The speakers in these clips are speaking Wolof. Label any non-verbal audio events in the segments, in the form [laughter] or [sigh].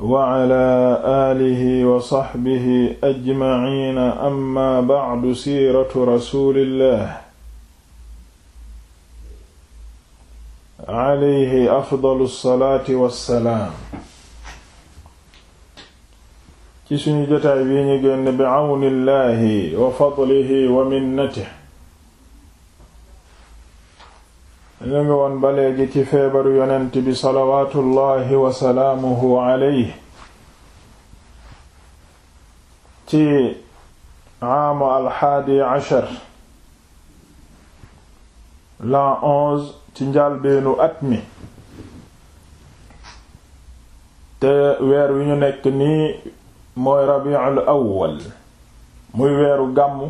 wacala aalihi wa saxbihi ajmaciina amma bacdu siiratu rasulillah alayhi afdalu salaati wassalaam ci suñu jotaay bii ñu génn bi cawnillahi wa fadlihi wa minnatihi ñu ngi woon ba léegi ci feebaru yonent bi salawaatullahi wa salaamuhu alayhi ci aamu alxaadi ashar l'an onze ci njàlbeenu at mi te weer wi ñu nekk nii mooy rabiul awwal muy weeru gàmmu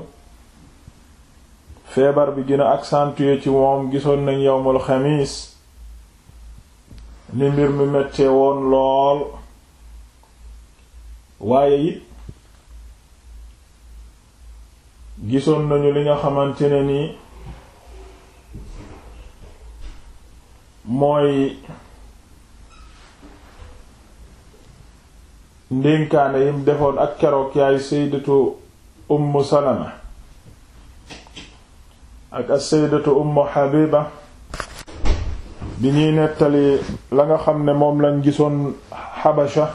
feebar bi gën a accentué ci moom gisoon nañ yowmul xamiis ni mbir mi mettee woon lool waaye it gisoon nañu li nga xamante ne ni mooy ndénkaane yim defoon ak keroog yaay sayyidatu Ummu Salama ak as-sayyidatu ummu habiba bi ñuy nettali la nga xam ne moom lañ gisoon xabasha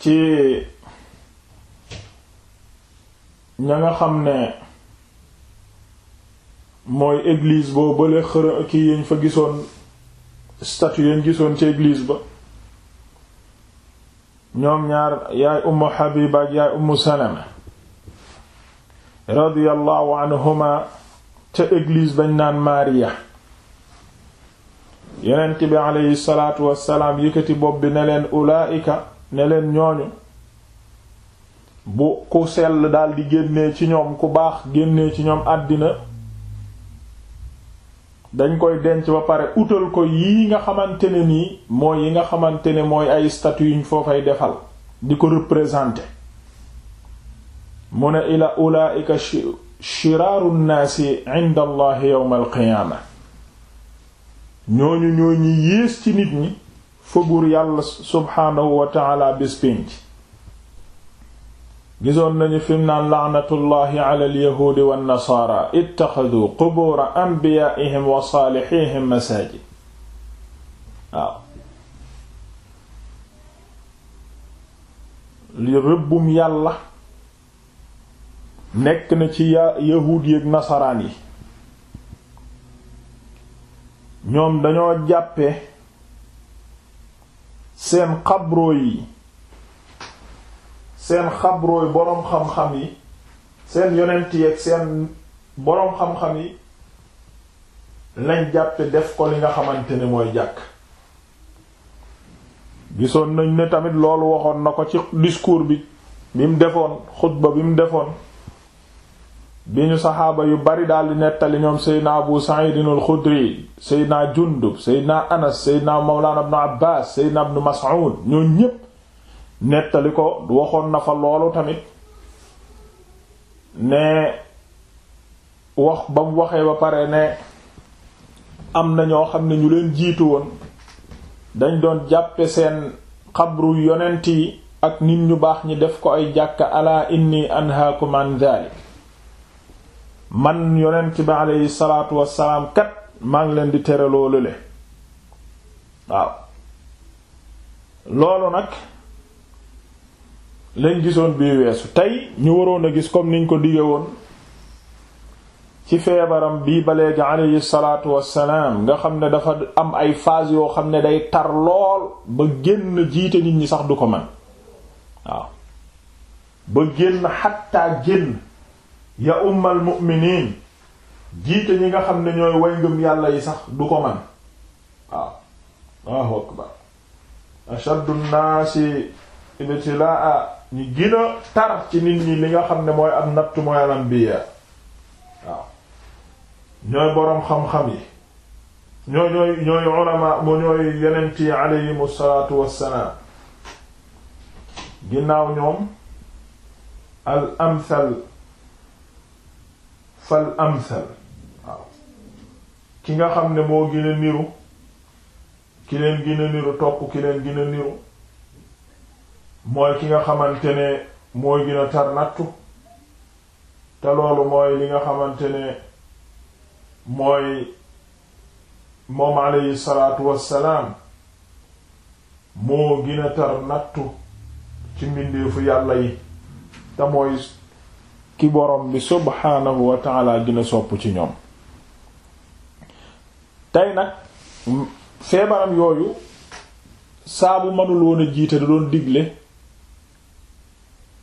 ci ña nga xam ne mooy église boo bale xëra ki yañ fa gisoon statue yañ gisoon ci église ba ñoom ñaar yaay ummu habiba ak yaay ummu salama radiyallahu anhuma ca église bañ naan Maria yonent bi aleyhi salaatu wassalaam yëkkati bopp bi ne leen ulaayika ne leen ñooñu bu ku sell daldi génnee ci ñoom ku baax génnee ci ñoom àddina dañ koy denc ba pare utal ko yii nga xamante ne nii mooy yi nga xamante ne mooy ay statue yuñ foo fay defal di ko représenter mu ne ila ulaa'ika shiraaru nnaasi inda allah yawma alqiyaama ñooñu ñoo ñi ci nit ñi fa buur yàlla subhaanahu wa taala gisoon nañu fim naan laanatullahi ala alyahuudi wannasaara ittaxaduu qubuura anbiyaa'ihim wa saalixihim masaajid li rëbbum yàlla nekk na ci yahuud yi ak nasaraan yi ñoom dañoo jàppe seen xabroo seen xabrooy boroom xam-xam yi seen yonent yi ak seen boroom xam-xam yi lañ jàppe def ko li nga xamante ne mooy jàkk gisoon nañ ne tamit loolu waxoon na ko ci discours bi bi mu defoon xutba bi mu defoon bi ñu saxaaba yu bari daldi nettali ñoom seydna abu sa'idin al-xudri seydna jundub seydna anas seydna mawlana ibn abbas seydna ibn mas'ud ñoo ñépp nettali ko waxoon na fa loolu tamit ne wax ba mu waxee ba pare ne am na ñoo xam ne ñu leen jiitu woon dañ doon jàppe seen xabru yonent yi ak nit ñu baax ñi def ko ay jàkk ala inni anhaakum an man yonent bi aleyhi salaatu wassalaam kat maa ngi leen di tere loolu le waaw loolu nag lañ gisoon bii weesu tey ñu waroon a gis comme niñ ko dige woon ci feebaram bii ba léegi aleyhi salaatu wassalaam nga xam ne dafa am ay phase yoo xam ne day tar lool ba génn jiite nit ñi sax du ko man waaw ba génn xattaa génn ya ummal mu'miniin jiite ñi nga xam ne ñooy way ngëm yàlla yi sax du ko man waaw Allahu akbar ashaddu nnaasi ibtilaa ñi gën ci nit ñi li nga xam ne mooy am nattu mooy al anbiya waaw ñooy boroom xam-xam yi ñooy ñooy ñooy ulama mu ñooy yonent yi aleyhim salaatu wassalaam ginnaaw ñoom al amthal fal amsal ki nga xam ne moo gën a niru ki leen gën a niru topp ki leen gën niru mooy ki nga xamante ne mooy gën a tar nattu te loolu mooy li nga xamante ne mooy moom alayhi salaatu wassalaam moo gën a tar nattu ci mbindeefu yàlla yi te mooy ki borom bi subhaanahu wa taala sopp ci ñoom tey nag feebaram yooyu saabu mënul woon a jiite da doon digle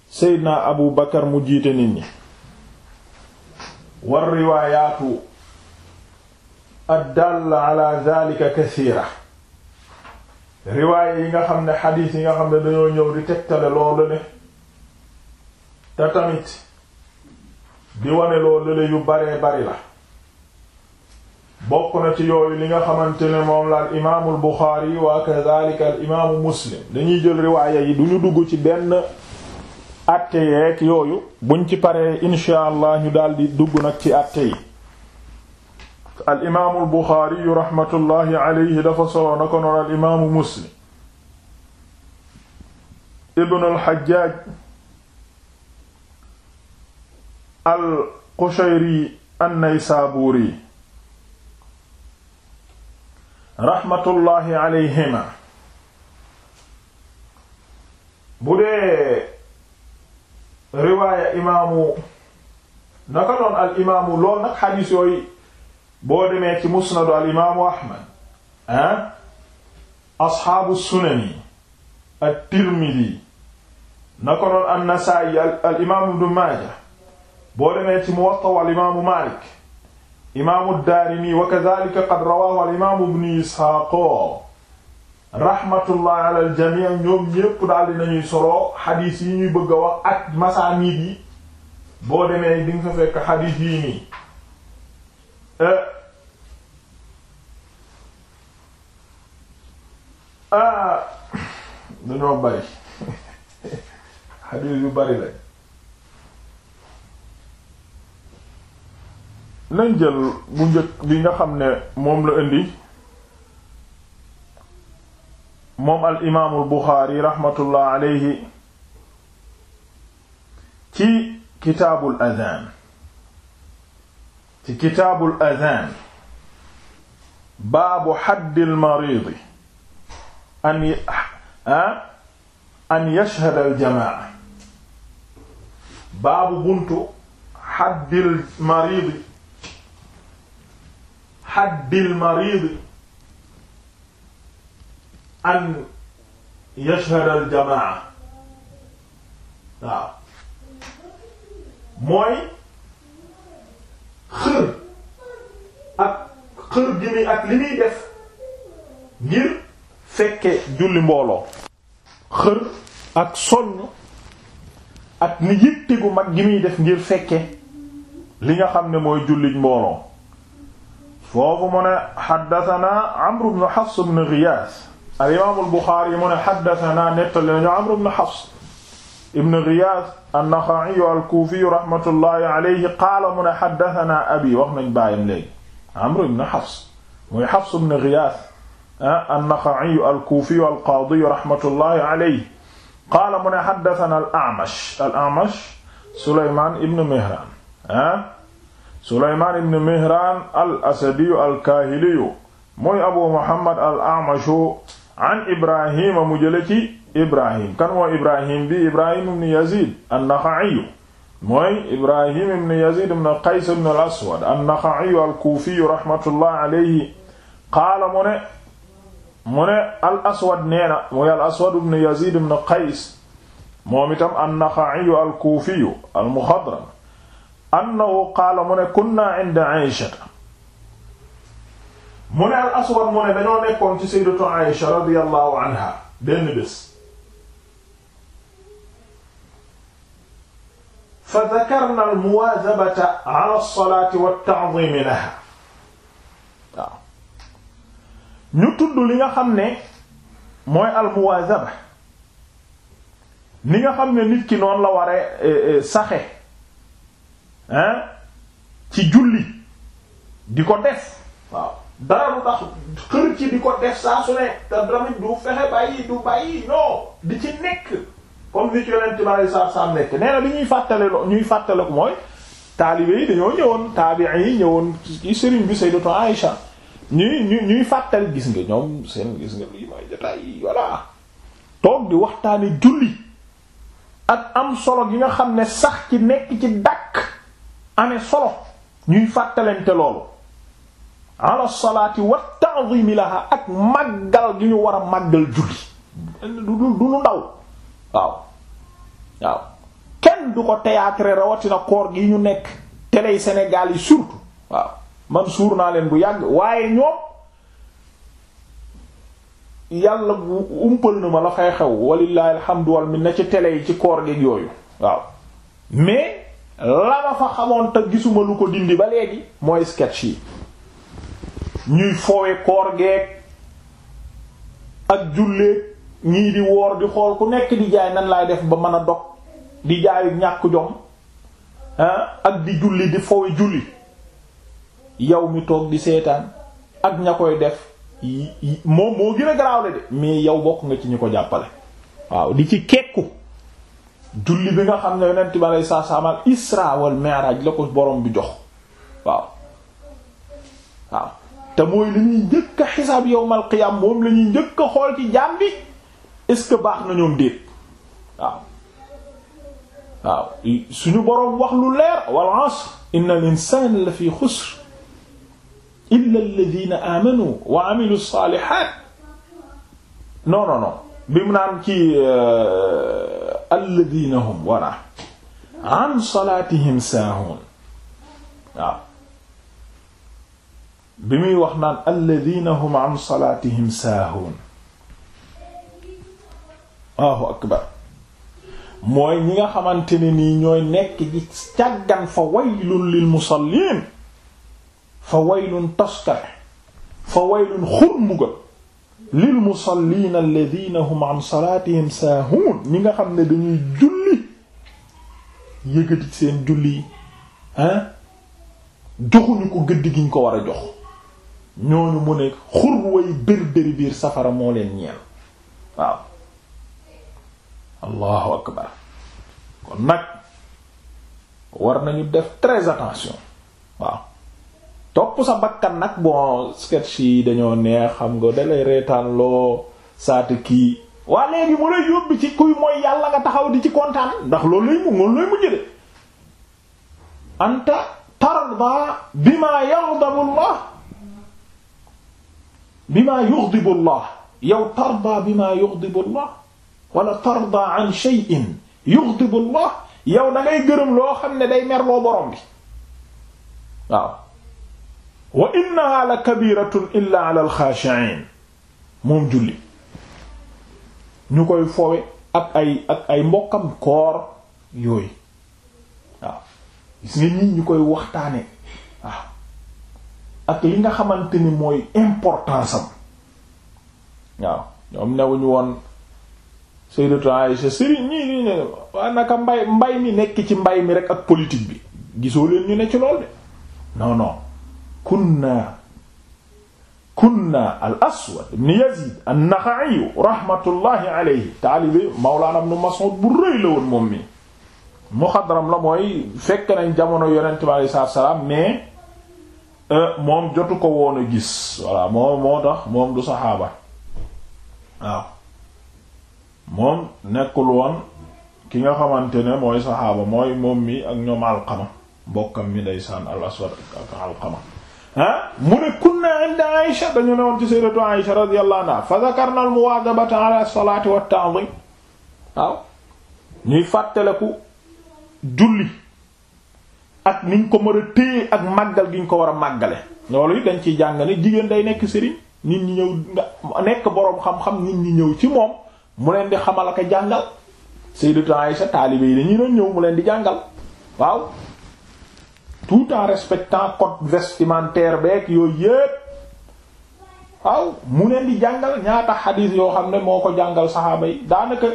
seydna abu bakar mu jiite nit ñi war riwaayaatu addalla ala zalika kasiira riwaaya yi nga xam ne xadiis yi nga xam ne dañoo ñëw di tegtale loolu ne te tamit di wane loolu la yu baree bari la bokk na ci yooyu li nga xamante ne moom la al imaamul Buxaari wa kadhalika al imaamu Muslim dañuy jël riwaaya yi du dugg ci benn atte yooyu buñ ci pare insha allah ñu daldi dugg nag ci atte yi al imaamul Buxaari rahmatullahi alayhi dafa solo na ko noon al imaamu Muslim ibn al Hajjaj al qushayri an-naysaburi raxmatullahi alayhima bu dee riwaaya imaamu naka al imaamu lool nag xadiis yooyu boo demee ci al imaamu ahmad ah asxaabu sunani at-tirmidi naka noon an al imaamu ibnu maaja boo demee ci Muwatta wal imaamu Maalik imaamu Daarimi wa kadhalika qad rawaahu al imaamu Ibnu Isxaaq rahmatullah al jamii ñoom ñépp daal dinañuy solo xadiis yi ñuy bëgg a wax ak masaanid yi boo demee di nga fa fekk eh, eh, bari [laughs] xadiis yu bari lañ nañ jël bu bi nga xam ne moom la indi moom al imaamul buxaari raxmatullah aleyhi ci kitaabul adaan ci kitaabul adaan baabu xaddil mariidi an an yashhad al jamaa baabu buntu xaddil haddil marid an yashhad al jamaa mooy xër ak xër gi ni ak li muy def ngir fekke julli mbooloo xër ak sonn ak ni mag gi muy def ngir fekke li nga xam ne mooy julli mbooloo foofu mu ne xaddatanaa amru bnu xafs bnu giyaas al imaam al buxaari mu ne xaddatanaa nettali nañu amru bnu xafs ibnu giyaas annaxaciyu alkuufiyu raxmatullahi alayhi qaala mu ne xaddatanaa abi wax nañ bàyyam léegi amru bnu xafs muy xafs bnu giyaas annaxaciyu ah, alkuufiyu alqaadiyu raxmatullahi alayhi qaala mu ne xaddatanaa al acmash al acmash suleymaan ibnu mihraan ah, Sulaymaan ibn Mihraan al-Asadiyu al-Kaahiliyu mooy Abu Muhammad al-A'mashu an Ibrahima mu jële ci Ibrahim kan moo Ibrahim bi Ibrahim ibn Yazid an-Nakha'iyu mooy Ibrahim ibn Yazid ibn Qays ibn al-Aswad an-Nakha'iyu al-Kufiyu rahmatullah alayhi qaala mu ne mu ne al-Aswad nee na mooy al-Aswad ibn Yazid ibn Qays moom itam an-Nakha'iyu al-Kufiyu al-Mukhadram annahu qaala mu ne kunna inda Aysata mu ne al aswad mu ne dañoo nekkoon ci sayyidatu Aysa radiyallahu anha benn bés fa dhakarna al muwaazabata ala as-salaati wat ta'ziim laha waaw ñu tudd li nga xam ne mooy al muwaazaba ni nga xam ne nit ki noonu la waree eh, eh, saxe ci julli di ko def waaw dara lu tax xër ci di ko def saa su ne te damit du fexe bàyyi du bàyyi non di ci nekk kom ni ci yonent bi alei satu salaam nekk nee na li ñuy fàttale ñuy fàttale ko mooy taalibe yi dañoo ñëwoon taabi'i yi ñëwoon ci sëriñ bi Sayyidatu Aïcha ñuy ñu ñuy fàttali gis nga ñoom seen gis nga lii mooy jotaay yi voilà toog di waxtaane julli ak am solo gi nga xam ne sax ci nekk ci dakk amee solo ñuy fàttalente loolu ala salaati wa ta'zimi laha ak màggal gi ñu war màggal julli du lu ndaw waaw waaw kenn du ko théâtre rawatina koor gi ñu nekk télé Sénégal yi surtout waaw man suur naa leen bu yàgg waaye ñoom yàlla umpal na ma la fay xew walillahi alhamdu wal minna ci télé yi ci koor gi yooyu waaw mais la ma fa xamoon te gisuma lu ko dindi ba léegi mooy sketch yi ñuy foowe koor geek ak julleek ñii di woor di xool ku nekk di jaay nan laay def ba mën a dog di jaayu ñàkk jom ah, ak di julli di foowe julli yow mi toog di seetaan ak ña koy def moom moo gën a garaawle de mais yow bokk nga ci ñu ko jàppale waaw di ci kekku julli bi nga xam ne yonent bi aleyhi salaatu salaam al wal mi'raj la ko borom bi jox waaw waaw te mooy li ñuy njëkk xool ci jaam bi est-ce que baax na ñoom déet waaw waaw suñu wax lu leer wal asr innal insaana la fi xusr illa alladhina amanu wa amilu salihat non non non bi mu naan ci euh, alladina hum wara an salaatihim saahuun waaw bi muy wax naan alladina hum an salaatihim saahuun Allahu akbar mooy ñi nga xamante ne nii ñooy nekk ci càggan fa waylun lil musalliin fa waylun toskare fa waylun xurmuga lil musalliina alladina hum an salaatihim saahuun ñi nga xam ne dañuy julli yëgati seen julli yi joxuñu ko gëdd giñ ko war a jox ñooñu mu ne xurway bérbéri biir safara moo leen ñeel waaw allahu akbar kon nag war nañu def très attention waaw topp sa bakkan nag bon sketch yi dañoo neex xam nga dalay reetaan loo saate kii waa léegi mu lay yóbbi ci kuy mooy yàlla nga taxaw di ci kontaan ndax loolu lay mu loolu lay mujj de anta tarda bima yaghdabu Allah bima yaghdabu Allah yow tarda bima yaghdabu Allah wala tarda an shay'in yaghdabu Allah yow da gërëm loo xam ne day merloo borom bi waaw wa innaha la kabiratun illa ala alxaashiin moom julli ñu koy fowe ak ay ak ay mbokkam koor yooyu waaw gis ñu koy waxtaane waaw ak li nga xamante ni mooy importance am waaw ñoom newuñu woon Sayyidatu Aïsha sëriñ ñii ñii ne waa naka mbay mbay mi nekk ci mbay mi rek ak politique bi gisoo leen ñu ne ci lool de non non kunna kunna al aswad ibn yazid an-naxa'i rahmatullahi alayhi taalibi mawlaana ibn mas'ud bu rëy moom mi muxadram la mooy fekk nañ jamono yonent bi salaam mais euh, moom jotu ko woon a gis voilà moom moo tax moom du saxaaba waaw moom nekkul woon ki nga xamante ne mooy saxaaba mooy moom mi ak ñoom alqama mbokkam mi ndeysaan al alqama ah mu ne kunna inda Aïsha dañu ne woon ci sayyidatu Aïsha radiyallahu anha fa zakarna al muwaadabata ala wa ta'zim waaw ñuy fàttaleku julli ak niñ ko mën a téye ak màggal gi ñu ko war a màggale loolu it dañ ciy jàngale jigéen day nekk sëriñ nit ñi ñëw nekk boroom xam-xam nit ñi ñëw ci moom mu leen di xamal ak a jàngal sayyidatu Aïsha taalibe ñëw mu leen di jàngal waaw tout en respectant code vestimentaire beeg yooyu yépp waaw mu ne di jàngal ñaata xadiis yoo xam ne moo ko jàngal saxaaba yi daanaka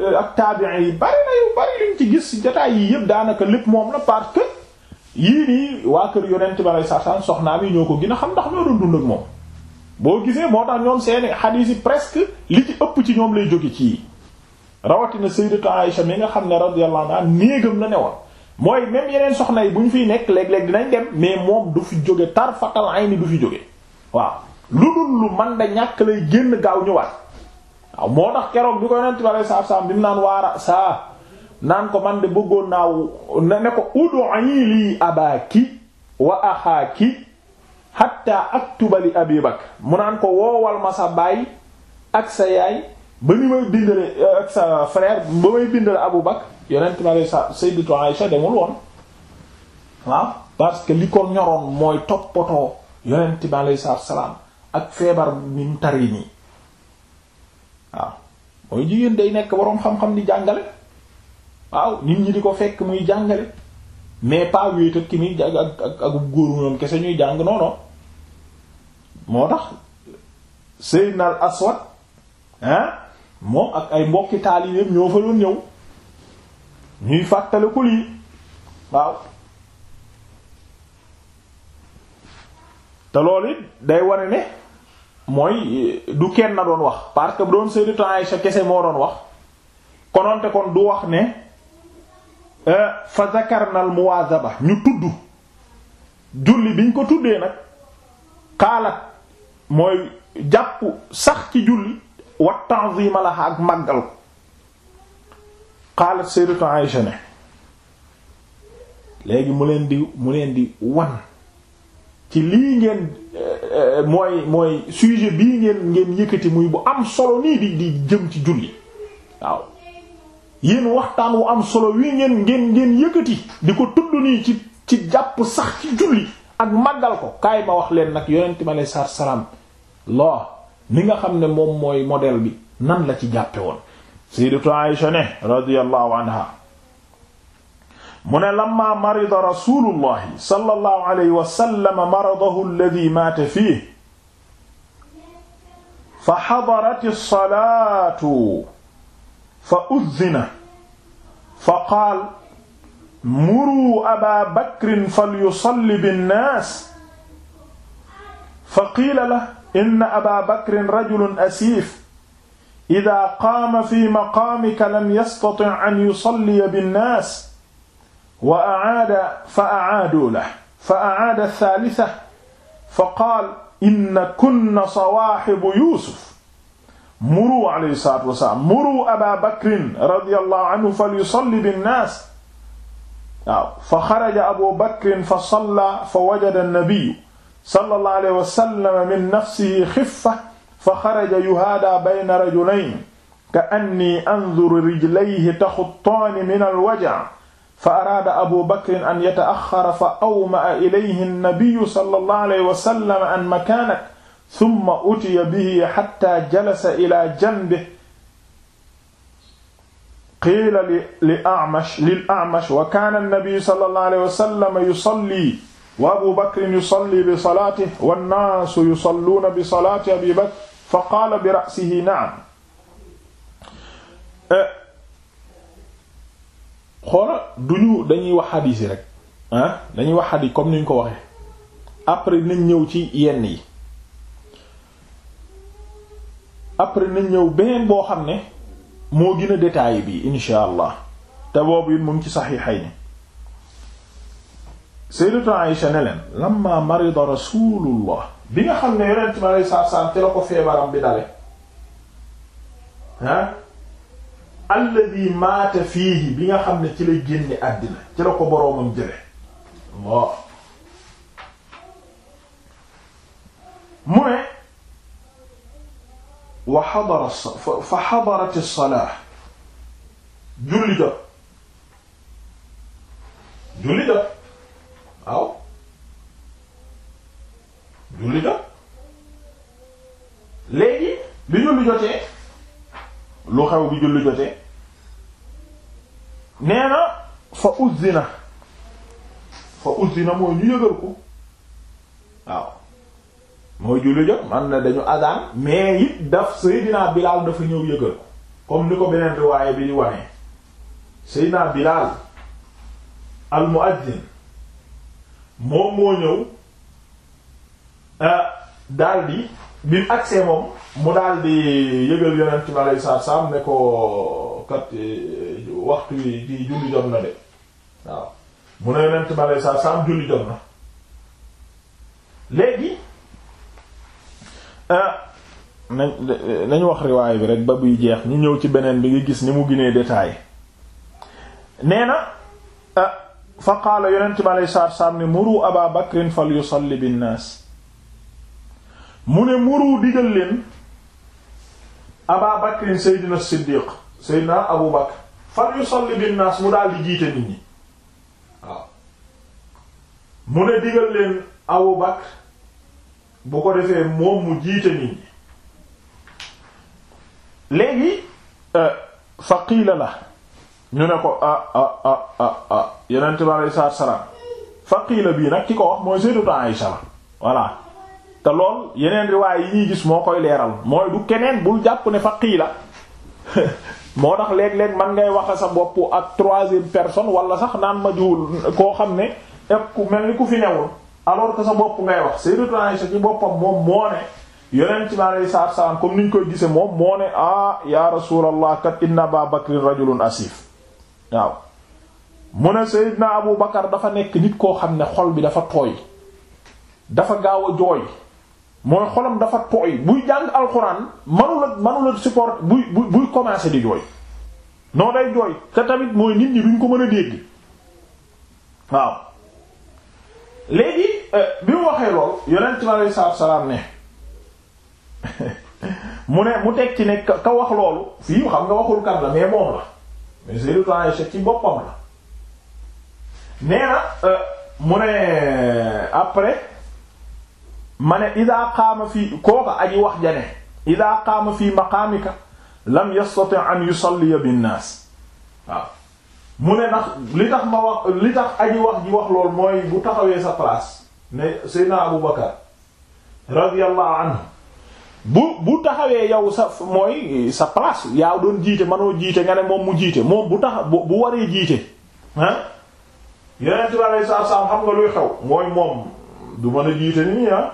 euh, ak taabiin yi bari na yu bari luñ ci gis ci jotaay yi yépp daanaka lépp moom la parce que yii nii waa kër yonent ba sax sarsaan soxnaam yi ñoo ko gën a xam ndax ñoo doon dund moom boo gisee moo tax ñoom seeni xadiis yi presque li ci ëpp ci ñoom lay jóge ci yi rawatina sayyidatu Aïsha mi nga xam ne radiyallahu anha néegam la ne woon mooy même yeneen soxna yi bu ñu fiy nekk léeg-léeg dinañ dem mais moom du fi jóge tar fatal ay ni du fi jóge waaw lu dul lu man da ñàkk lay génn gaaw ñëwaat waaw moo tax keroog bi ko yonent bi alayhi salaam bi mu naan waara saa naan ko man de bëggoon naaw ne ko ud'i lii abaaki wa axaaki hatta aktuba li abi bakr mu naan ko woowal ma sa baay ak sa yaay ba ni may bindale eh, ak sa frère ba may bindale abu bakr yonent ma lay sa sayyidatu Aïsha demul woon waaw parce que li ko ñoroon mooy toppatoo yonent bi aleyhi salaam ak feebar ni mu tari waaw mooy jigéen day nekk boroom xam-xam di jàngale waaw nit ñi di ko fekk muy jàngale mais pas wéetat ki muy ak ak góor kese ñuy jàng non non moo tax Seydina Aswad hein moom ak ay mbokki taalibeem ñoo fa doon ñëw ñuy fàttaliku lii waaw te loolu it day ware ne mooy du kenn doon wax parce que bu doon Sayyidatu Aisha kese moo doon wax kononte kon du wax ne euh, fa zakarna al muwaazaba ñu tudd julli biñ ko tuddee nag xaalat mooy jàpp sax ci julli wa ta'zima laha ak màggal xaalat sayyidatu Aïsha ne léegi mu leen di mu leen di wan ci lii ngeen euh, mooy mooy sujet bii ngeen ngeen yëkkati muy bu am solo nii di di jëm ci julli waaw yéen waxtaan wu am solo wii ngeen ngeen ngeen yëkkati di ko tudd nii ci ci jàpp sax ci julli ak màggal ko kaay ma wax leen nag yonent mi aleyhi salaatu wa salaam loo ni nga xam ne moom mooy modèle bi nan la ci jàppe woon sayyidatu Aisha ne radiyallahu anha mu ne lamma marida rasulullahi sallallahu alayhi wa sallam maradahu alladhi maata fiihi fa hadarat as-salaatu fa udhina fa qaal muruu aba bakrin falyusalli binnaas fa qiila lahu inna aba bakrin rajulun asiif ida qaama fi maqaamika lam yastati an yusalliya binnaas wa acaada fa acaaduu lahu fa acaada thalitha fa qaal inna kunna sawaaxibu yuusuf muruu alayhi salaatu wa salaam muruu abaa bakrin radiyallahu anhu falyusalli binnaas waaw fa xaraja abu bakrin fa salla fa wajada annabiyu sallallahu alayhi wa sallam min nafsihi xiffa fa xaraja yuhaada bayna rajulayn ka anni anzuru rijlayhi taxuttaani min alwaja fa araada abu bakrin an yata'axxara fa awma'a ilayhi nnabiyu sallallahu alayhi wa sallam an makaanak summa utiya bihi xatta jalasa ilaa janbihi qiila li A'mash lil A'mash wa kaana nnabiyu sallallahu alayhi wa sallam yusalli wa abu bakrin yusalli bi salaatihi wan naasu yusalluuna bi salaati abi bakr fa qaala bi ra'sihi na'am eh, xoola ñu dañuy wax xadiis rek dañuy wax xadiis comme ni ñu ko waxe après nañ ñëw ci yenn yi après nañ ñëw beneen boo xam ne moo gën a détaillé bi insha allah te boobu it mu ngi ci saxiixayni sayyidatu Aïsha ne leen lamma marida rasulullah binga nga xam ne yonent bi alei satu salaam te la ko feebaram bi dale ah alladi maata nga xam ne ci la génne àddina ci la ko mu ne wa xadara fa xadarat as-salaa julli jot julli jot julli jot léegi bi julli jotee lu xew bi julli jotee nee na fa uzzina fa uzzina mooy ñu yëgal ko waaw mooy julli jot man na dañu adaan mais it daf Seydina Bilaal dafa ñëw yëgal ko comme ni ko beneen riwaaye bi di wanee Seydina Bilaal al muaddin moom moo ñëw Euh, daal di bi mu agsee moom mu daal di yëgal yonent bi alayhi salaatu salaam ne ko kat eh, waxtu yi kii julli jot na de waaw mu ne yonent bi alayhi salaatu salaam julli jot na léegi euh, nañ nañ wax riwaay bi rek ba buy jeex ñu ñëw ci beneen bi nga gis ni mu ginee détaillé nee euh, fa qaala yonent bi alayhi salaatu salaam ne muru Abaa Bakrin fal yusalli bin naas mu ne muru digal leen aba bakrin seydina siddiq seydina abu bakr fal yusalli bin naas mu daal di jiite nit ñi waaw mu ne digal leen abu bakr bu ko defee moom mu jiite nit ñi léegi euh, faqiila la ñu ne ko ah ah ah, ah, ah salaam faqiila bii nag ki ko wax mooy sayyidatu Aisha la voilà te lool yeneen riwaay yi ñuy gis moo koy leeral mooy du keneen bul jàpp ne fa qiila [laughs] moo tax léeg-léeg man ngay waxe sa bopp ak troisième personne wala sax naan ma jiwul koo xam ne ak ku mel ni ku fi newul alors que sa bopp ngay wax Sayyidatu Aisha ci boppam moom moo ne yonent bi alayhi salaatu salaam comme ni ñu koy gise moom moo ne ah ya rasulallah kat inna Aba Bakr rajulun asif waaw mu ne naa Abu Bakar dafa nekk nit koo xam ne xol bi dafa tooy dafa gaaw a jooy mooy xolam dafa tooy buy jàng alxuraan manula manula support buy buy buy commencer di jooy noo day jooy te tamit mooy nit ñi duñ ko mën a dégg waaw léegi euh, bi mu waxee lool yonent bi aleyhi salaatu salaam ne [laughs] mu ne mu teg ci ne ka wax loolu fii xam nga waxul kan la mais moom la mais Sayyidatu Aisha ci boppam la nee na euh, mu ne après ma ne ida qaama fii kooka aji wax jane ida qaama fii maqaamika lam yastati an yusalliya binnaas waaw mu ne ndax li tax ma wax li tax aji wax ji wax lool mooy bu taxawee sa palaas ne seydna Abu Bakar radiyallahu anhu bu bu taxawee yow sa mooy sa place yaa doon jiite manoo jiite nga ne moom mu jiite moom bu tax bu waree jiite ah yeneen la lay xam nga luy xew mooy moom du mën a jiite nit ñi ah.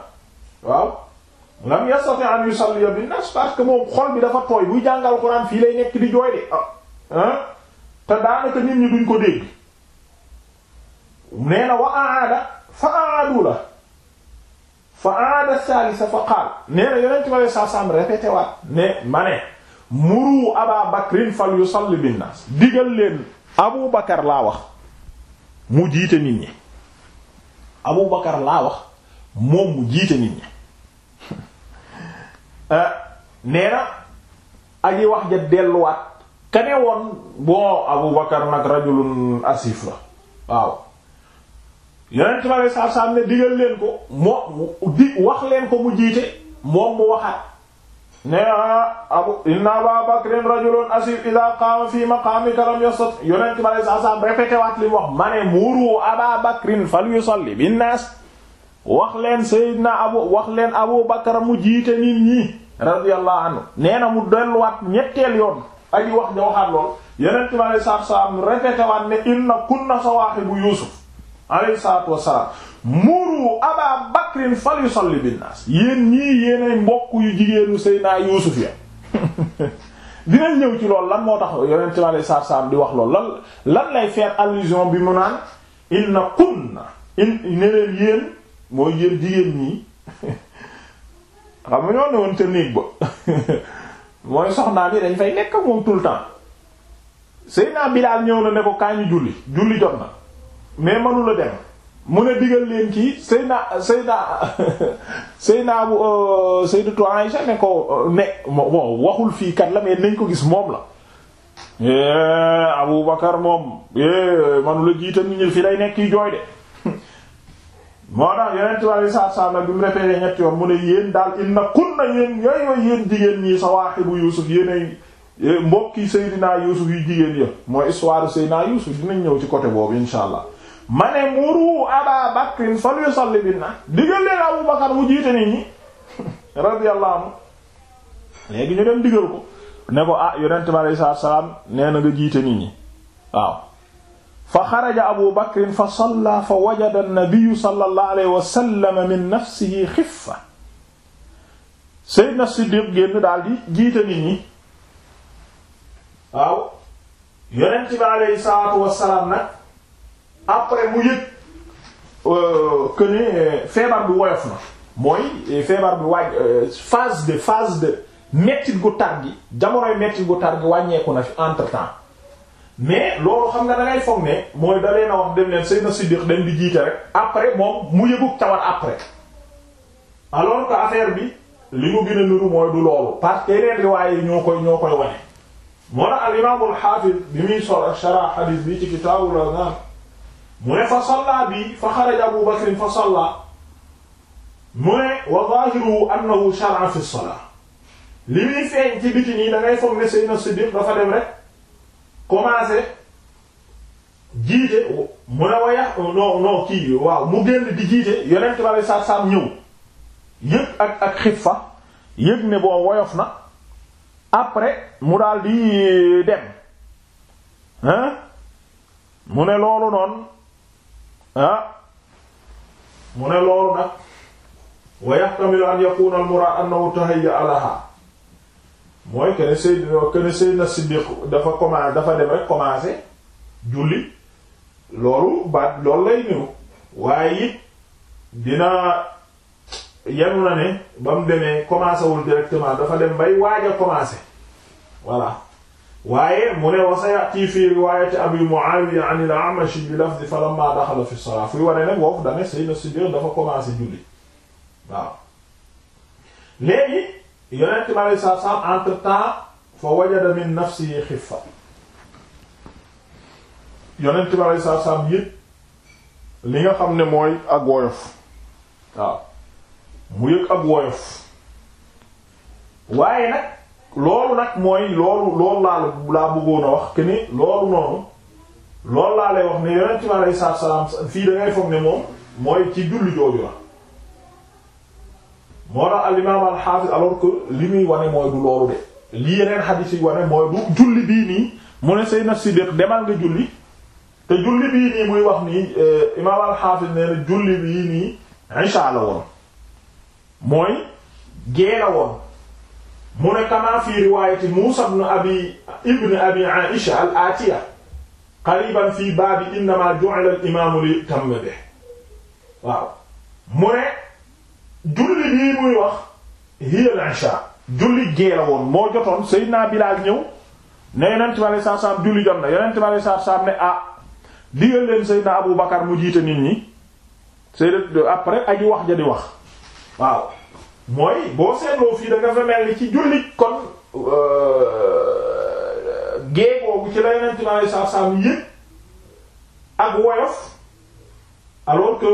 waaw lam yastati an yusalli bin nas parce que moom xol bi dafa tooy buy jàngal Qur'an fii lay nekk di jooy de ah, ah te daanaka nit ñi duñ ko dégg nee na wa aada fa aadu la fa aada salisa fa qaal nee yonent ma le sa-sam ne ma ne muru aba bakrin fal yusalli bin nas digal leen abu bakar laa wax mu jiite nit ñi abu bakar laa wax moom mu jiite nit ñi Euh, nee na aji wax ja delluwaat ka ne woon bon rajulun asif la waaw yeneen ci ma ne saab saab ne digal leen ko moo di wax leen ko mu jiite moom mu waxaat ne ah, abu inna Abu Bakrin rajulun asif idha qama fi maqamika lam yasat yeneen ci ma ne saab saab répété waat mu wax ma Bakrin fal yusalli wax leen Seydina Abu wax leen Abu Bakar mu jiite nit ñi radiyallahu anhu nee na mu delluwaat ñetteel yoon ay wax ja waxaat lool yeneen ci alayhi salaatu wasalaam répété waat ne inna kunna sawaahibu Yuusuf alayhi salaatu wasalaam muru Aba Bakrin falyusalli binnaas yéen ñii yéenay mbokk yu jigéenu Seydina Yuusuf ya [laughs] dinañ ñëw ci lool lan moo tax yeneen bi alayhi salaatu salaam di wax loolu lan lan lay faire allusion bi mu naan inna kunna in ne leen yéen mooy jël jigéen ñi xam nga ñoo ne woon ca néeg ba mooy soxnaa bi dañ fay nekk moom tout le temps Seydina Bilaal ñëw na ne ko kaa ñu julli julli jot na mais mënu la dem mu ne digal leen kii Seydina Seydina [laughs] Seydina bu euh, Sayyidatu Aïsha ne ko euh, ne bon waxul fii kat la mais nañ ko gis moom la eh, Abu Bakar moom é eh, la jiitam nit fi lay nekk yi jooy de moo tax yonent bi alei saatu salaam bi mu répété ñetti yoon mu ne yéen daal inna na yéen yooyu yéen jigéen ñi sawaahibu Yuusuf yéenay eh, mbokki Seydina Yuusuf yu jigéen ya mooy histoire Seydina Yuusuf dinañ ñëw ci côté boobu insha allah ma ne muru Aba Bakrin falyusalli binna digal leen Abu Bakar mu jiite nit ñi [laughs] radiyallahu anhu ñu dem digal ko ne ko ah yonent bi alei saatu nee na nga jiite nit ñi waaw fa xaraja abu bakrin fa salla fa wajada nabiyu sallallahu alayhi wa sallam min nafsihi xiffa Seydina Siddiq génn daal di jiite nit ñi waaw yonent bi alayhi salaatu wassalaam nag après mu yëg euh, euh, feebar bi woyof na mooy euh, feebar bi waaj phase de phase de mettit gu tar gi jamonoy mettit gu gi wàññeeku na fi entre temps mais loolu xam nga da ngay foog ne mooy dalee na wax dem leen Seydina Siddiq dañ di jiite rek après moom mu yëgug tawat après alors que affaire bi li mu gën a niru mooy du loolu parce que yeneen riwaaye yi ñoo koy ñoo koy wane moo na al imaamul bi muy sol ak shara xadiis bi ci kitaabul azaan mu ne fa salla bi fa xaraja Abu Bakr fa salla mu ne wa zaahiruhu annahu shar'a fi salaa li muy feeñ ci biti nii da foog ne Seydina Siddiq dafa dem rek commencé jiite mu ne wayax non non kii waaw mu génn di jiite yonent ba saa saam ñëw yëg ak ak xifa yëg ne boo woyof na après mu daal di dem hein mu ne loolu noonu ah mu ne loolu nag wayax tamilu an yakuna al murad annahu tahayya mooy que ne Seydina que ne Seydina dafa commencé dafa dem rek commencé julli loolu baat loolu lay niru waaye it dina yenu na ne ba mu demee commencé wul directement dafa dem bay waaj a commencé voilà waaye mu ne wa sayati fi riwayati abi Muawiya an al-A'mash bi lafzi falamma daxala fi salaa fuy waree nag woofu dane Seydina Siddiq dafa commencé julli waaw léegi yonent bi alei satu salaam entre temps fa wajada min nafsihi xiffa yonent bi alei satu salaam yit li nga xam ne mooy ak woyof waaw mu yëg ak woyof waaye nag loolu nag mooy loolu loolu laa laa bëggoon wax que ni loolu noonu loolu laa lay wax ne yonent bi alei satu salaam fii da foog ne moom mooy ci julli jooju la moo tax al imaam al xaafis alors li muy wane mooy du loolu de li yeneen xadiis yi wane mooy du julli bii nii mu ne Seydina Siddiq demal nga julli te julli bii nii muy wax nii eh, imaam al xaafis nee na julli bii nii isha la woon mooy gée la woon mu ne kamaa fi riwaayati Muusaa ibn abi ibn abi Aisha al aatiya qariban fii baabi innamaa ju'ila al imaamu li yu'tamma bihi waaw mu ne julli lii muy wax hiya isha julli gee la woon moo jotoon Seydina Bilaal ñëw ne yonent bi alei satu salaam julli jot na yonent bi alei satu ne ah digal leen Seydina Abu Bakar mu jiite nit ñi Seydina après aji wax ja di wax waaw mooy boo seetloo fii da nga mel ni ci julli kon euh, gée boobu ci la yonent bi alei satu salaam ak woyof alors que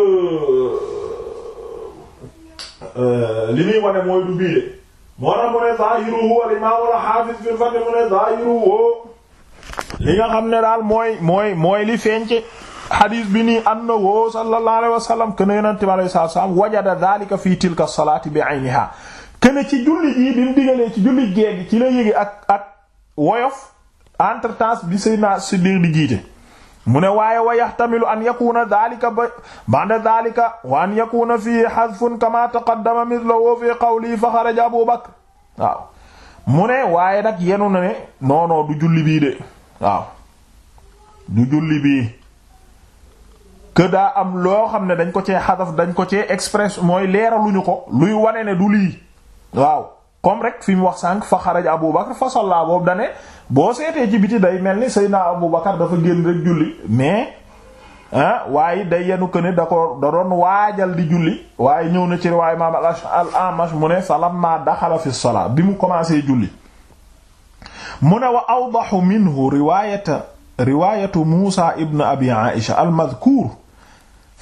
Euh, li muy wane mooy du biile moo tax mu ne zaahiruhu al imaam al haafiz fi Fath mu ne zaahiruhu li nga xam ne daal mooy mooy mooy li feeñ ci xadiis bi nii annahu sallallahu alayhi wa sallam kana yonente bi alayhi salaam wajada daalika fii tilka salaati bi aynihaa kene ci julli jii bi mu digalee ci julli géegi ci la yéegi ak ak woyof entre temps bi Seydina Siddiq di jiite mu ne waaye wa yaxtamilu an yakuna dhalika ba'da dhalika wa an yakuna fihi hadfun kama taqaddama ne waaye nag yenu na ne noonoo du julli bii am loo xam ne dañ ko cee xadaf dañ ko cee express mooy leeraluñu ko luy wane ne du lii waaw comme rek fi mu wax sànq fa xaraj Abu Bakar fa salla boobu dane boo seetee ci biti day mel ni Seydina Abu Bakar dafa génn rek julli mais ah, waaye day yenu ko da ko da doon waajal di julli waaye ñëw na ci riwaay imaam al-Amash mu ne falamma daxala fi salaa bi mu commencé julli mu ne wa awdahu minhu riwaayata riwaayatu Muusa ibn Abi Aïsha al-madhkur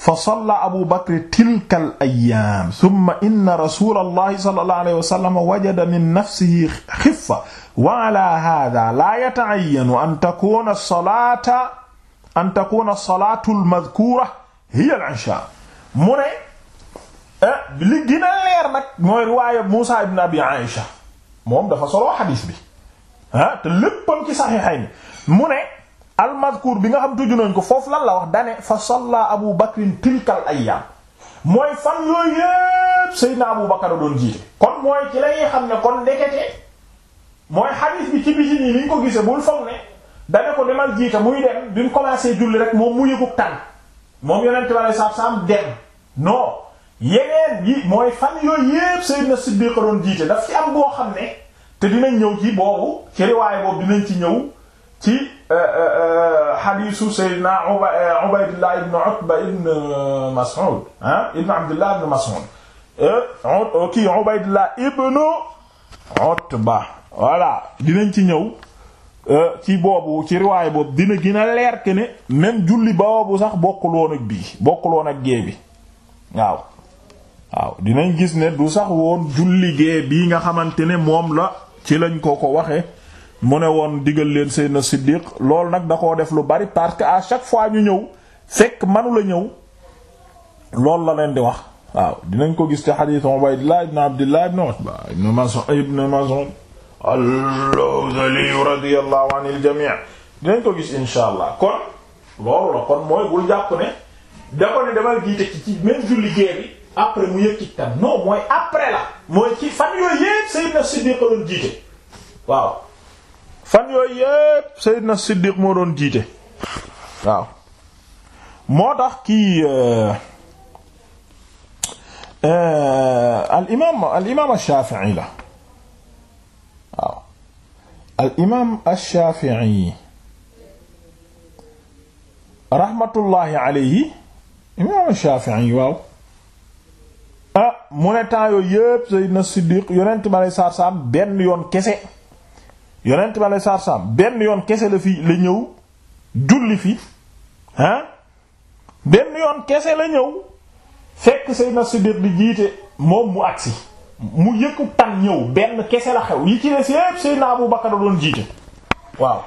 fa salla abu bakr tilka al ayyaam summa inna rasuulallahi sallallahu alayhi wa sallam wajada min nafsihi xiffa wa alaa haadaa laa yata'ayyanu an takuuna salaata an takuuna salaatu al-madkuura hiya al-ishaa mu ne eh, li gën a leer nag mooy riwaaya Muusaa ibn Abi Aïsha moom dafa solo xadiis bi ah te léppam ci Saxiixayn mu ne almadkur bi nga xam tuju nañ ko foofu lan la wax dane fa salla abu bakrin tilkal ayyam mooy fan yooyu yépp seydna abu bakar a doon jiite kon mooy ci lañuy xam ne kon ndekete mooy xadiis bi ci bisi nii ni ko gise bul foog ne dane ko demal jiite muy dem bi mu commencé julli rek moom mu yëgub tànn moom yonente wala saab saam dem non yeneen yi mooy fan yooyu yépp seydna siddiq a doon jiite daf ci am boo xam ne te dinañ ñëw ci boobu ci riwaay ci ñëw xadiisu euh, euh, euh, Seydina Ubaydullah ibn Utba ibn Mas'ud ah ibn Abdullah ibn Mas'ud Ubaydullah ibn Utba voilà dinañ ci ñëw ci boobu ci riwaay boobu dina gën leer que ne même julli boobu sax bokkul woon ak bii bokkul ak gée bi waaw waaw dinañ gis ne du sax woon julli gée bii nga xamante ne moom la ci lañ ko ko waxe mu ne woon digal leen Seydina Siddiq lool nag da koo def lu bari parce que à chaque fois ñu ñëw fekk manu la ñëw loolu la leen di wax waaw dinañ ko gis ci xadiis Ubaydillah di Abdillah ibn Utba ibn Mas'ud ibn Mas'ud al-Uzali radiyallahu anil jami' dinañ ko gis insha allah kon loolu la kon mooy bul jàpp ne da ko ne demal jiite ci ci même julli gée après mu yëg ci tam non mooy après la mooy ci fan yooyu yépp Seydina Siddiq jiite waaw fan yooyu yépp Seydina Siddiq moo doon jiite waaw moo tax kii euh, euh, al imaam al imaam ash-Shafi'i la waaw al imaam ash-Shafi'i rahmatullahi alayhi imaam ash-Shafi'i waaw ah mu ne temps yooyu yépp Seydina Siddiq yonent bi alayhi salaam benn yoon kese yonent bi aleyhi benn yoon kese la fi la ñëw julli fi ah benn yoon kese la ñëw fekk Seydina Siddiq di jiite moom mu agsi mu yëkkub tan ñëw benn kese la xew yi ci des yépp Seydina Abu Bakar doon jiite waaw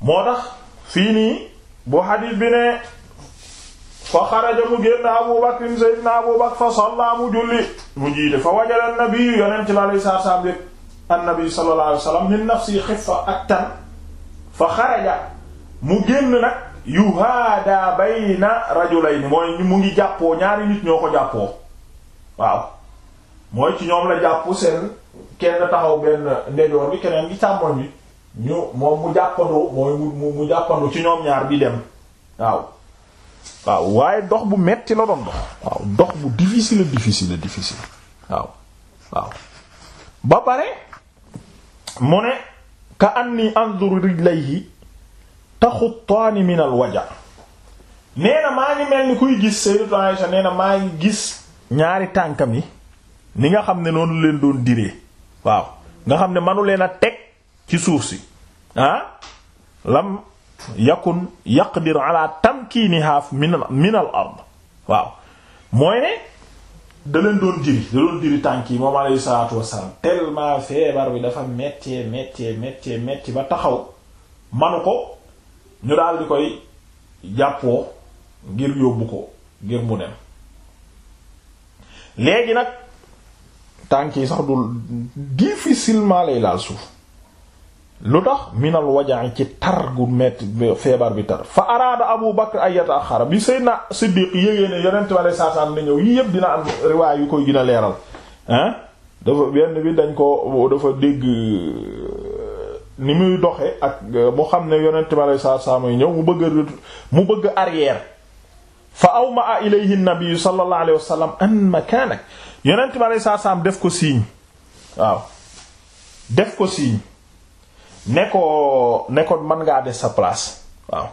moo tax fii nii bu hadith bi ne fa xaraja mu génn Abu Bakr Seydina Abu Bakr fa salla mu julli mu jiite fa wajala nabi yonent bi aleyhi salaatu salaam annabi sallallahu alayhi wasallam min nafsi xiffa ak tan fa xaraja mu génn nag yuhaada bayna rajulayni mooy mu ngi jàppoo ñaari nit ñoo ko jàppoo waaw mooy ci ñoom la jàpp seen kenn taxaw benn ndejoor bi keneen gi càmmoñ bi ñu moom mu jàppandoo mooy mu mu jàppandoo ci ñoom ñaar bi dem waaw waaw waaye dox bu metti la doon dox waaw dox bu difficile difficile difficile waaw waaw ba pare mu ne ka anni anzuru rijlayhi yi min al waja nee na maa ngi mel ni kuy gis sayyidatu Aisha nee na maa ngi gis ñaari tànkam yi ni nga xam ne noonu leen doon diree waaw nga xam ne manu leen a teg ci suuf si ah lam yakun yaqdiru ala tamkiiniha min min al ard waaw mooy ne da leen doon diri da diri tànk yi moom alayhi salaatu wassalaam tellement feebar bi dafa metti metti metti metti ba taxaw manu ko ñu daal di koy jàppoo ngir yóbbu ko ngir mu dem léegi nag tànk yi sax du difficilement lay laal suuf lu tax minal waja'i ci tar gu metti feebar bi tar fa araada Abu Bakr ay yataaxara bi Seydina Siddiq yégée ne yonent bi alayhi salaam na ñëw yii yëpp dina am riwaay yu koy gën a leeral hein dafa benn bi dañ ko dafa dégg ni muy doxe ak mu xam ne yonent bi alayhi salaam ay ñëw mu bëgg a mu bëgg arrière fa awma a ilayhi nabi sallallahu alayhi wasallam an makanak yonent bi def ko signe waaw def ko signe nekkoo ko man ko ngaa des sa place waaw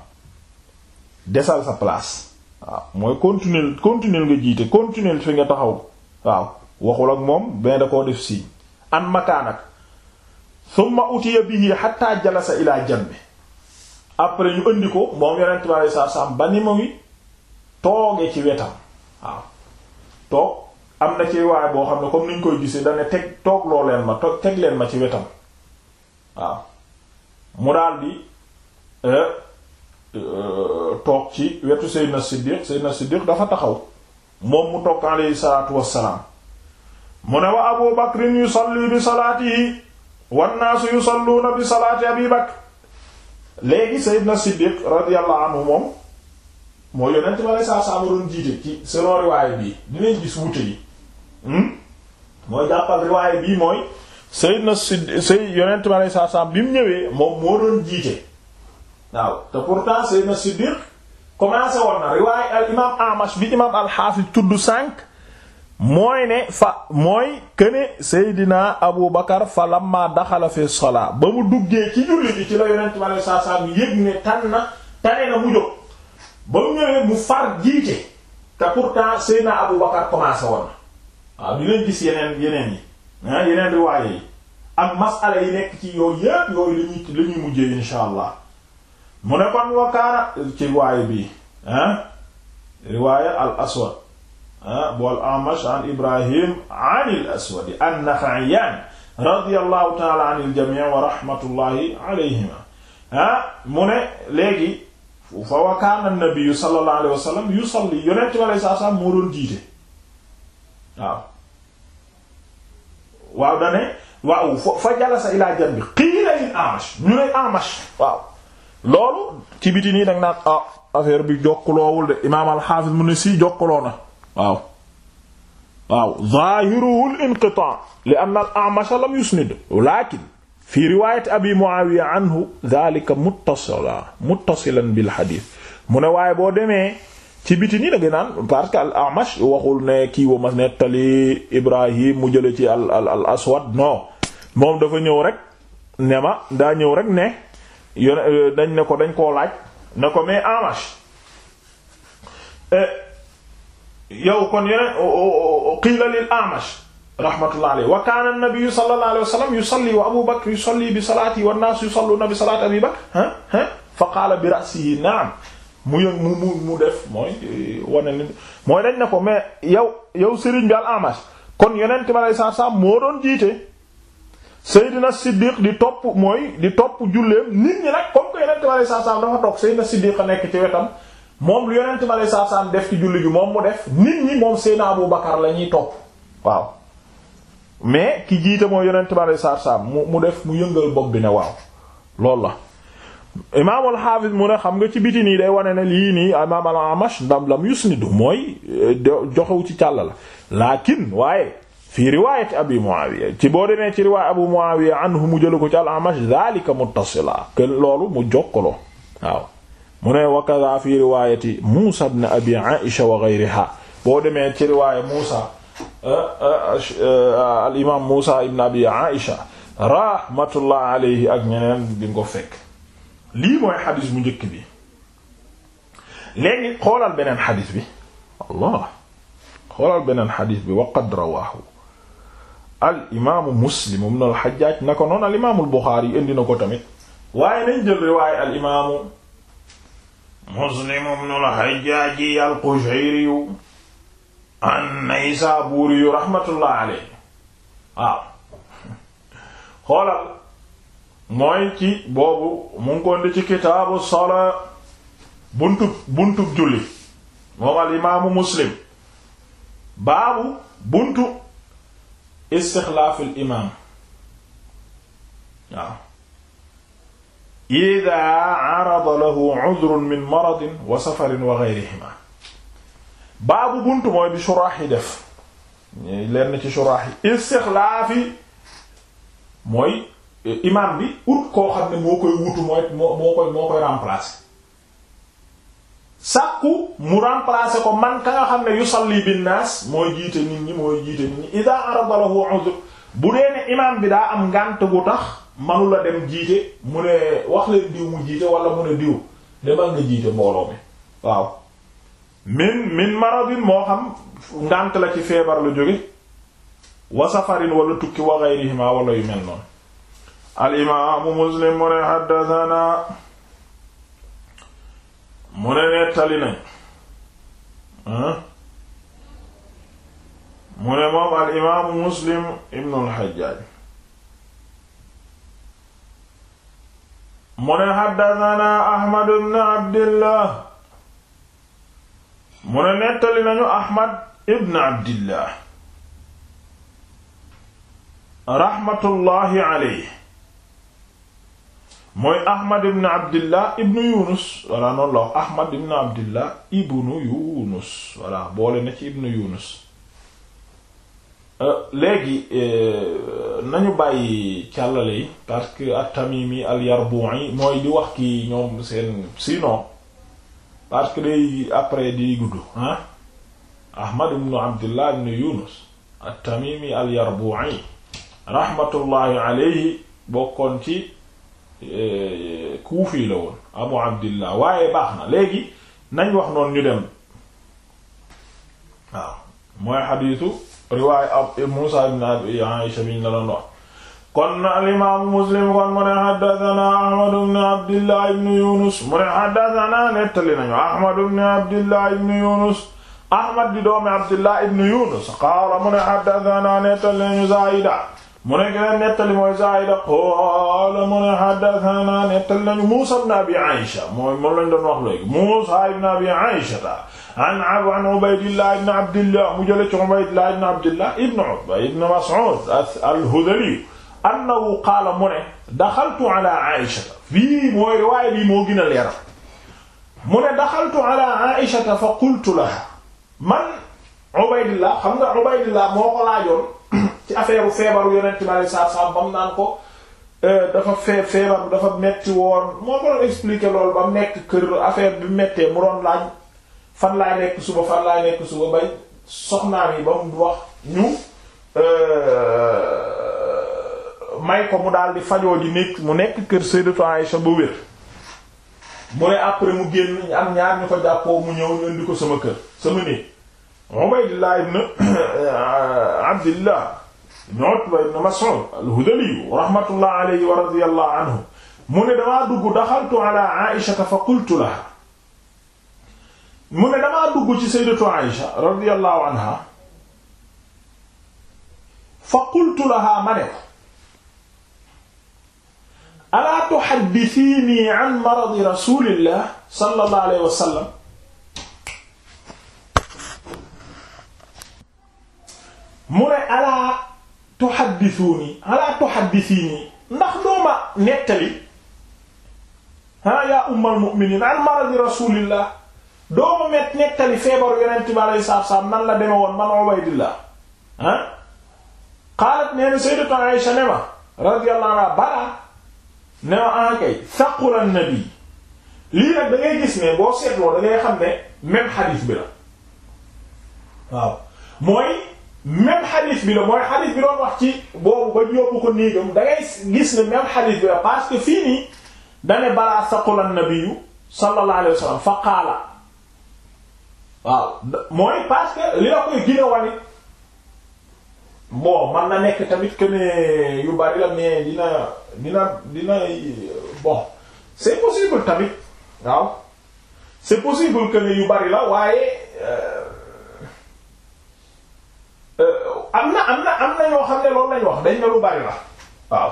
desal sa place waaw mooy continuer continuer nga jiite continuer fi nga taxaw waaw waxul ak moom benn da koo def si an uti thumma utiya bihi hatta jalasa ila bi après ñu indi ko moom yonent bi alayhi salaam ba ni mu ngi toogee ci wetam waaw toog am na ci waaye boo xam ne comme niñ koy gisee dane teg toog loo leen ma toog teg leen ma ci wetam waaw mu daal bi euh, euh, toog ci wetu Seydina Siddiq Seydina Siddiq dafa taxaw moom mu toog alayhi salaatu wassalaam mu ne wa Abu Bakrin yusalli bi salaatihi wan naasu yusalluuna bi salaati Abi Bakr léegi Seydina Siddiq radiyallahu anhu moom moo yonent ma lay saa saa doon jiite ci selon riwaay bii dinañ gis wuute yi hmm? mooy jàppal riwaay bii mooy Seydina Sid bi mu ñëwee moom moo doon jiite waaw te pourtant Seydina Siddiq commencé woon na riwaay al imaam Amash bi imaam al tudd sànq mooy ne fa mooy këne Seydina Abu Bakar fa lamma daxala fi salaa ba mu duggee ci julli bi ci la yonent bi alayhi salaam ne tànn na tane na mu ba mu ñëwee mu far jiite te pourtant Seydina Abu Bakar woon na waaw dinañ gis yeneen yeneen yi. ah yeneen riwaaye yi ak masala ci yooyu yépp yooyu la ñuy la ñuy allah mu ne wakaana ci riwaaye bi ah riwaaye al aswad ah bu al an ibrahim an al aswad an naxayan radiyallahu taala an al jamii wa rahmatullahi alayhima ah mu ne léegi fa wa sallallahu alayhi wa sallam yusalli yonent bi waaw da ne waaw fa jalasa ilaa janbi qiila in amash ñu ne amash waaw loolu ci biti nii danga naan ah affaire bi jokkaloowul de imaam al-Hafiz mu ne sii jokkaloo na waaw waaw zaahiruhu al-inqitaa li anna al-A'mash lam yusnid lakin fi riwaayati abi Muawiya anhu dhaalika muttasilan muttasilan bil hadiis mu ne waaye boo demee ci biti nii da nga naan parce que al Amash waxul ne kii ma nettali Ibrahim mu jële ci al al Aswad non moom dafa ñëw rek ne ma daa ñëw rek ne yon euh, dañ ne ko dañ koo laaj ne ko mais Amash euh, yow kon yeneen qiila lil Amash rahmatullah alayhi wa kaana an-nabiyyu sallallahu alayhi wa sallam yusalli wa Abu Bakr yusalli bi salaati wan naasu yusalluna bi salaati Abi Bakr fa qaala bi ra'sihi na'am mu yëg mu mu mu def mooy eh, wane ni mooy dañ ne ko mais yow yow sëriñ bi al amash kon yonent bi alei satu salaam moo doon jiite Seydina Siddiq di topp mooy di topp julleem nit ñi nag comme que yonent bi alei satu salaam dafa toog Seydina Siddiq a nekk ci wetam moom lu yonent bi alei satu def ci julli bi moom mu def nit ñi moom Seydina bu Bakar la ñuy topp waaw mais ki jiite mooy yonent bi alei satu salaam mu mu def mu yëngal bopp bi ne waaw loolu la imaam al mu ne xam nga ci biti nii day wane ne lii nii imaam al-Amash ndam lam yusnidu mooy eh, joxewu ci càll la waaye fii riwaayati abi Muawiya ci boo demee ci riwaaya abu Muawiya anhu mu jëla ko ci al-Amash zaalika muttasila que loolu mu jokkaloo waaw mu ne wa kadha fii riwaayati Muusa abi Aisha wa ghayriha boo demee ci riwaaya Muusa eh, eh, al imaam Muusa abi Aisha rahmatullah alayhi ak ñeneen di fekk lii mooy xadis bu njëkk bi léegi xoolal beneen xadis bi allah xoolal beneen xadis bi wa qad rawaahu al imaamu muslim ibn al xajjaaj na ko noonu al imaamul buxaari yi indi na ko tamit waaye nañ jël riwaaya al imaamu muslim ibn al xajjaaj al qushayri an naysaabuuri rahmatullah alayhi waaw xoolal mooy ci boobu mu ngi ko indi ci kitaabu salaa buntub buntub julli moom al imaamu muslim baabu buntu istixlaafil imaam waaw idaa arada lahu udrun min maradin wa safarin wa geyrihima baabu mooy bi suraax def lenn ci suraax yi mooy Euh, imam bi ut koo xam ne moo koy wutu mooy moo koy moo koy remplacer sàkku mu remplacer ko man ka nga xam ne yu bin naas mooy jiite nit ñi mooy jiite nit ñi ida arada lahu uzr bu dee ne imam bi daa am ngànt gu tax manu la dem jiite mu ne wax leen diw mu jiite wala mu ne diw demal nga jiite mbooloo mi waaw min min maradin moo xam ngànt la ci feebar la jóge wa safarin wala tukki wa ghayrihima wala yu mel noonu al imaamu muslim mu ne xaddatanaa nettali nañ hmm? mu ne moom al imaamu muslim ibnu alxajjaaj mu ne xaddatanaa ahmad ibnu abdillah raxmatullahi aleyhi mooy ahmad ibn abdillah ibnu yunus walla noonu la wax ahmad ibn abdillah ibnu yunus walla boole na ci ibnu yunus euh, léegi euh, nañu bàyyi càllale yi parce que at al-yarbu'i mooy di wax ki ñoom seen sinon parce que day après di gudd ah ahmad ibn abdillah ibn yunus at-tamimi al-yarbu'i rahmatullahi alayhi bokkoon ci kuufi la woon abu abdillah waaye baax na léegi nañ wax noonu ñu dem waaw mooy xadiitu riwaay ab ibn abi Aisha biñ la doon wax kon al imaamu Muslim kon mu ne Ahmad ibn Abdillah ibn Yunus mu ne xaddasanaa nettali nañu Ahmad ibn Abdillah ibn Yunus Ahmad di doomi Abdillah ibn Yunus qaala mu ne xaddasanaa nettali nañu Zaida mu ne gën a nettali mooy Zaida qaala mu ne haddathana nettali nañu Muusaa ibn Abi Aysha mooy moom lañ doon wax léegi Muusaa ibn Abi Aysha an an Ubaydillah ibn Abdillah mu jële ci Ubaydillah ibn Abdillah ibn Utba ibn Mas'ud al-Hudhali annahu qaala mu ne daxaltu ala Aysha fii mooy riwaaya bi moo gën a leeral mu ne daxaltu ala Aysha fa qultu laha man Ubaydillah xam nga Ubaydillah moo ko laajoon ci affaire feebaru yonent bi saa salaatu salaam bam naan ko euh, dafa fee dafa metti woon moo ko doon expliquer loolu ba nekk kër affaire bi mettee mu doon laaj fan laay nekk suba fan laay nekk suba bay soxnaam yi ba mu wax ñu euh, may ko mu daal di fajoo di nekk mu nekk kër Sayyidatu Aisha ba wér mu ne après mu génn am ñaar ñu ko jàppoo mu ñëw ñu indi ko sama kër sama néeg Ubaydullah ibn [coughs] Abdillah Utba ibn Mas'ud al-Hudhali rahmatullah alayhi wa radiyallahu anhu mu ne damaa dugg daxaltu ala Aisha fa qultu laha mu ne damaa dugg ci sayyidatu Aisha radiyallahu anha fa qultu laha ma ne ko alaa tuhaddithiini an maradi rasulillah sallallahu alayhi wa sallam mu ne alaa tuhaddisuuni ala tuhaddisiini ndax dooma nettali ha yaa ummal mu'miniin an rasuulillah dooma met nettali feebaru yonent bi alayhi salaatu salaam nan la deme woon man Ubaydillah ha qaalat nee na sayyidatu Aisha ne ma radiyallahu anha balaa ne ma ankay ah, saqula nabi lii nag da gis ne boo seetloo da xam ne même xadiis bi la waaw mooy même xadis bi la mooy xadis bi doon ci boobu ba yóbbu ko néegam da ngay gis ne même xadis bi la parce que fii nii dane balaa saqula nabiyu sallallahu alayhi wa sallam fa waaw mooy parce li la koy wane bon man na nekk tamit que yu bari la mais dina dina dina bon c'est possible tamit waaw c'est possible que yu bari la waaye euh, Euh, am na am na am na ñoo xam ne loolu lañ wax dañ ne lu bari la waaw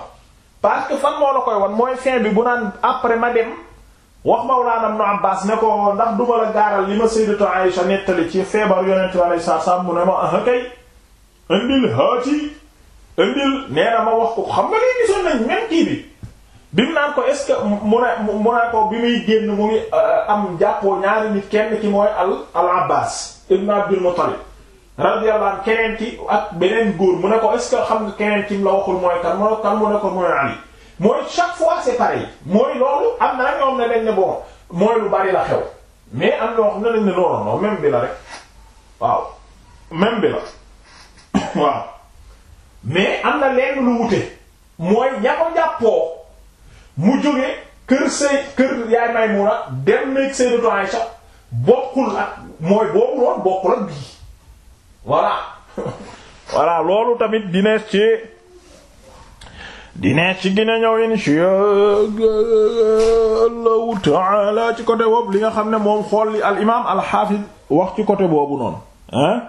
parce que fan moo la koy wan mooy fin bi bu naan après ma dem wax Mawlaana Ibn Abbaas ne ko ndax du duma la gaaral li ma Sayyidatu Aïsha nettali ci feebar Yonent bi alayhi salaam mu ne ma ah kay indil haati indil nee na ma wax ko xam nga lii gisoon nañ même kii bi bi mu naan ko est ce que mu ne mu ne ko bi muy génn mu ngi euh, am jàppoo ñaari nit kenn ki mooy al al Abbaas ibn Abdul Muttalib radiyallahu anhu keneen ki ak beneen góor mu ne ko est-ce xam nga keneen ki la waxul mooy kan mu ne ko mooy Ali mooy chaque fois c'est pareil mooy loolu am na ñoom ne dañ ne mooy lu bari la xew mais am na xam ne dañ ne [coughs] am na lenn lu wute mooy ña mu jóge kër say kër yaay Maymuna dem nekk Sayyidatu Aisha bokkul ak mooy boobu loon bokkul ak bii. voilà [laughs] voilà loolu tamit dinees ci dinees ci gën a ñëw insha Allahu taala ci côté boobu li nga xam ne moom xool li al imaam al xaafis wax ci côté boobu noonu hein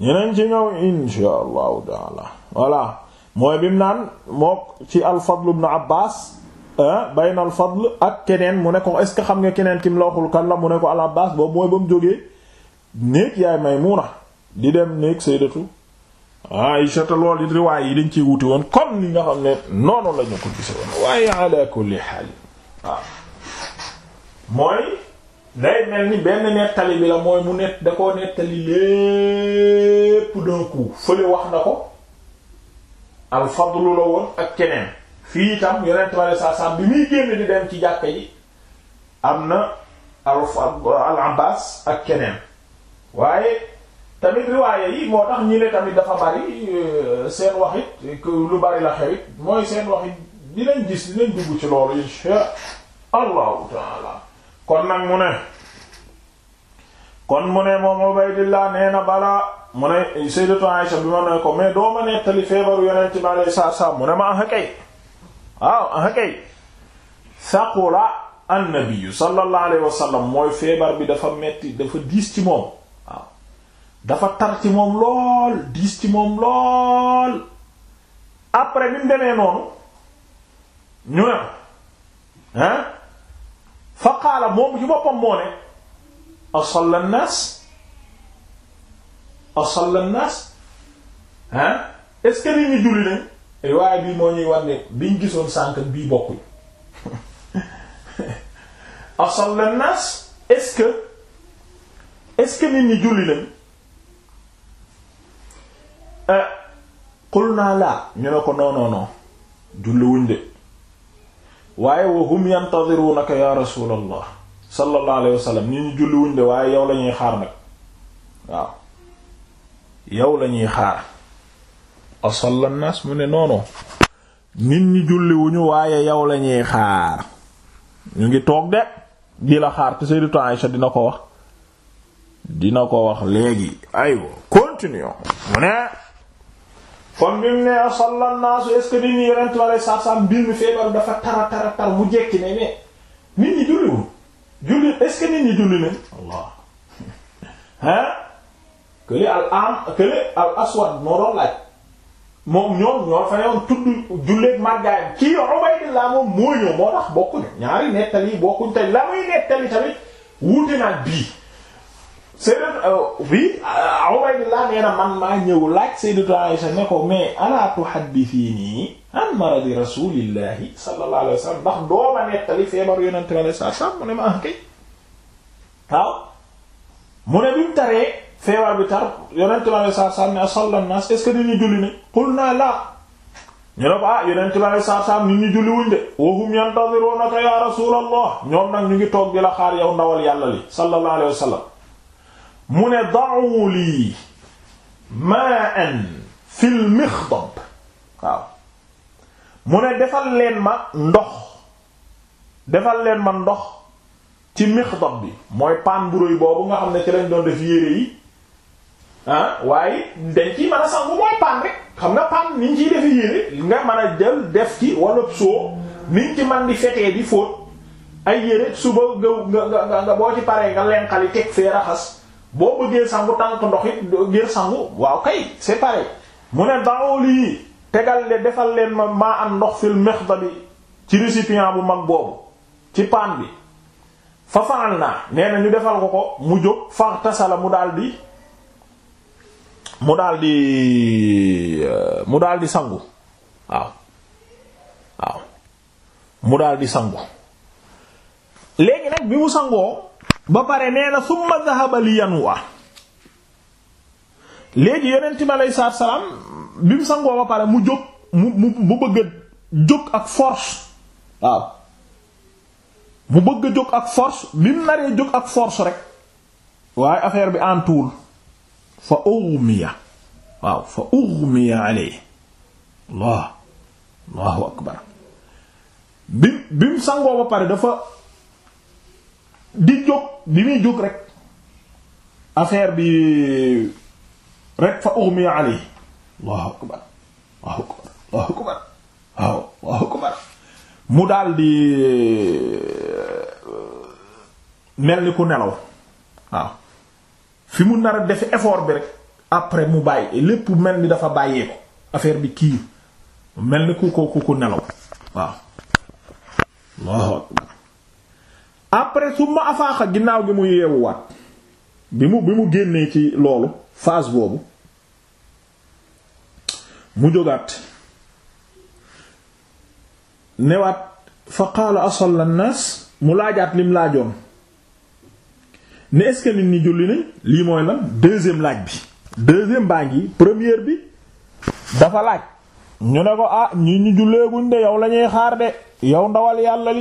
ñeneen ci ñëw insha Allahu taala voilà mooy bi mu naan moo ci al Fadl ibn Abbas bayna al Fadl ak keneen mu ne ko est-ce que xam nga keneen kim la waxul kan la mu ne ko al Abbas boobu mooy ba mu jógee néeg yaay Maymuna di dem néeg sayyidatu Aïsha te loolu riwaay yi dañ ci wuti woon comme ni nga xam ne noonu lañu ko gise woon waaye ala kulli xaal waaw mooy day mel ni benn nettali bi la mooy mu nett da koo nettali lépp d'un coup fële wax na ko alfadlu la woon ak keneen fii itam yonent wale saa bi muy génn di dem ci jàkka ji am na al al ak keneen waaye tamit riwaaye yi moo tax ñi tamit dafa bari euh, seen waxit lu bari la xewit mooy seen waxit dinañ gis dinañ dugg ci loolu insha allahu taala kon nag mu ne kon mu ne moom Ubaydillah nee na balaa mu ne Sayyidatu Aisha bi ma ne ko mais doo ma nettali feebaru yonent bi alayhi salaatu salaam mu ne ma ah kay waaw ah kay saqula annabi sallallahu alayhi wa sallam mooy feebar bi dafa metti dafa diis ci moom dafa tar ci moom lool diis ci moom lool après bi mu demee noonu ñu ne ah fa moom ci boppam moo ne asalla nnaas asalla nnaas ah est-ce que nit ñi julli nañ riwaaya bii moo ñuy war biñ gisoon sànk bii bokkuñ [laughs] asalla nnaas est-ce que est-ce que nit ñi julli nañ xul eh, naa laa ñu ne ko non non non de waaye wa hum yantadirunaka ya rasulallah sallallahu alayhi wasallam ni ñu julliwuñ de waaye yow lañuy xaar nag waaw yow lañuy xaar asalla nas mu ne non non nit ñi julliwuñu waaye yow lañuy xaar ñu ngi toog de di la xaar te Sayyidatu Aisha dina ko wax dina ko wax léegi aywa continuons mu ne kon bi mu ne asalla naasu est ce que nit ñi yonent mi alei satu dafa tara tara tar mu jekki ne mais nit ñi julli est ce que nit ñi julli nañ allah ah [laughs] kële al am kële al aswad moo laaj moom ñoom ñoo fa newoon tudd julleeg màggaayam kii Ubaydillah moom moo ñëw moo tax bokkuñu ñaari nettali bokkuñ tey la muy nettali tamit wuute naa bii Sayyidatu bi euh, euh, Ubaydillah nee na man maa ñëw laaj Sayyidatu Aisha ne ko mais ala tuhaddithini an maradi rasulillahi sallallahu alayhi wa sallam ndax dooma nettali feebar yonente bi alayhi mu ne ma ah kay mu ne bi mu taree feebar bi tar yonente bi alayhi salaam ne asalla naas est-ce que nit ñi julli ne qulna la ñu ne ko ah yonente bi alayhi salaam nit ñi julli wuñ de wa hum yantaziruunaka ya rasulallah ñoom nag ñu ngi toog di la xaar yow ndawal yàlla li sallallahu alayhi wa sallam mu ne da'u lii ma'an fil mixdab waaw mu ne defal leen ma ndox defal leen ma ndox ci mixdab bi mooy paan bu rëy boobu nga xam ne ci lañ doon def yére yi ah waaye dañ ciy mën a sangu mooy paan rek xam nga paan niñ ci def yére nga mën a jël def ci walla soo niñ ci man di fetee di fóot ay yére suba nga nga nga boo ci paree nga lenqali teg fee raxas boo bëggee sangu tànk ndox it ngir sangu waaw kay c'est pareil mu ne daaw lii tegal le defal leen ma maa am ndox fil mixdadi ci récipient bu mag boobu ci paan bi fa faal naa nee ñu defal ko ko mu jóg fa tasala mu daal di euh, mu daal di sangu waaw waaw mu daal di sangu léegi nag bi mu sangoo ba pare nee na summa dhahaba li léegi yonent bi aleyhi bi mu sangoo ba pare mu jóg mu mu bëgg a jóg ak force waaw mu bëgg a jóg ak force bi mu naree jóg ak force rek waaye affaire bi antuwul fa ughmiya waaw fa ughmiya Allah Allahu akbar bi bi mu sangoo ba pare dafa di jóg bi muy jóg rek affaire bi rek fa ughmiya alayhi allahu allahu akbar allahu akbar allahu akbar mu daal euh, mel ni ku nelaw waaw fi mu nar a def effort bi rek après mu bàyyi lépp mel ni dafa bàyyee ko affaire bi kii mel ni ku ko ku ku nelaw waaw allahu akbar après summa afaaxa ginnaaw gi mu yeewuwaat bi mu bi mu génnee ci loolu phase boobu mu jógaat newaat fa qaala asalla naas mu laajaat lim laajoon ne est-ce que nit ñi julli nañ lii mooy lan deuxième laaj bi deuxième baa ngi première bi dafa laaj ñu ne ko ah ñi ñu julleeguñ de yow lañuy xaar de yow ndawal yàlla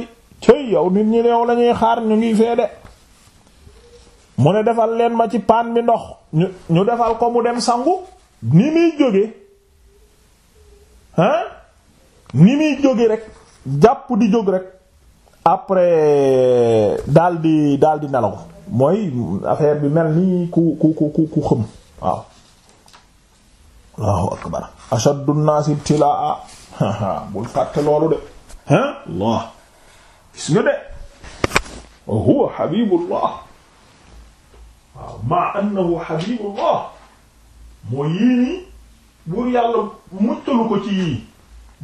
cëy yow nit ñi yow lañuy xaar ñu ngi fee de mu ne defal leen ma ci paan bi ndox ñu ñu defal ko mu dem sangu ni muy jóge hein ni muy jóge rek jàpp di jóg rek après daldi daldi nelaw mooy affaire bi mel nii ku ku ku ku xëm waaw allahu akbar ashaddu an-nas ibtilaa [laughs] bul fàtte loolu de hein allah gis nga de wa huwa habibullah waaw maa annahu habibullah moo yii nii buur yàlla muccalu ko ci yii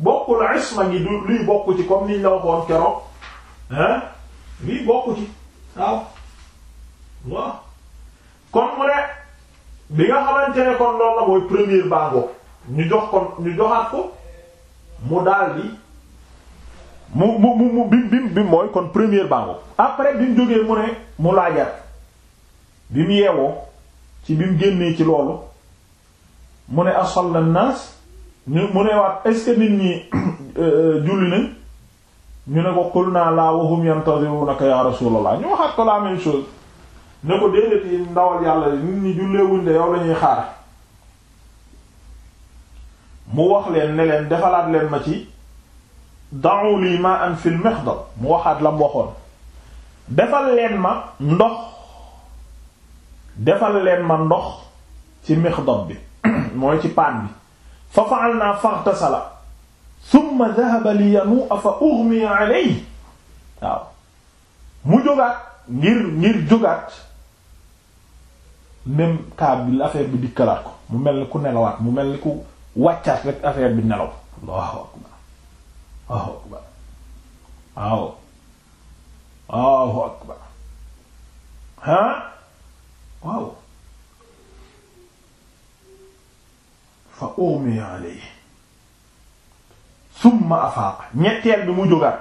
bokkul isma ngi du luy bokk ci comme niñ la waxoon keroog hein luy bokk ci waaw waaw kon bi nga xamante ne kon loolu la mooy première bango ñu jox kon ñu joxaat ko mu daldi mu mu mu bim bim bim mooy kon première bango après bi mu jógee mu ne mu laajat bi mu yeewoo ci bi mu génnee ci loolu mu ne asalla naas ñu mu ne waat est ce que nit ñi [clears throat] euh, julli nañ ñu ne ko qul naa laa wa hum yantazirunaka ya rasulallah ñu waxaat ko la même chose ne ko déedéet ndawal yàlla nit ñi julleewuñ de yow lañuy xaar mu wax leen ne leen defalaat leen ma ci da'u lii ma'an fil mixdab mu waxaat la mu waxoon defal leen ma ndox defal leen ma ndox ci mixdab bi [clears throat] mooy ci paan bi fa fa'alnaa faghtasala thumma dhahaba li yanu'a fa ughmiya alayhi mu jógaat ngir ngir jógaat même kaab bi affaire bi dikkalaat ko mu mel ni ku nelawaat mu mel ni ku wàccaat rek affaire bi nelaw Allahu akbar waaw Allahu akbar ha waaw fa umiya alayhi summa afaaqa ñetteel bi mu jógaat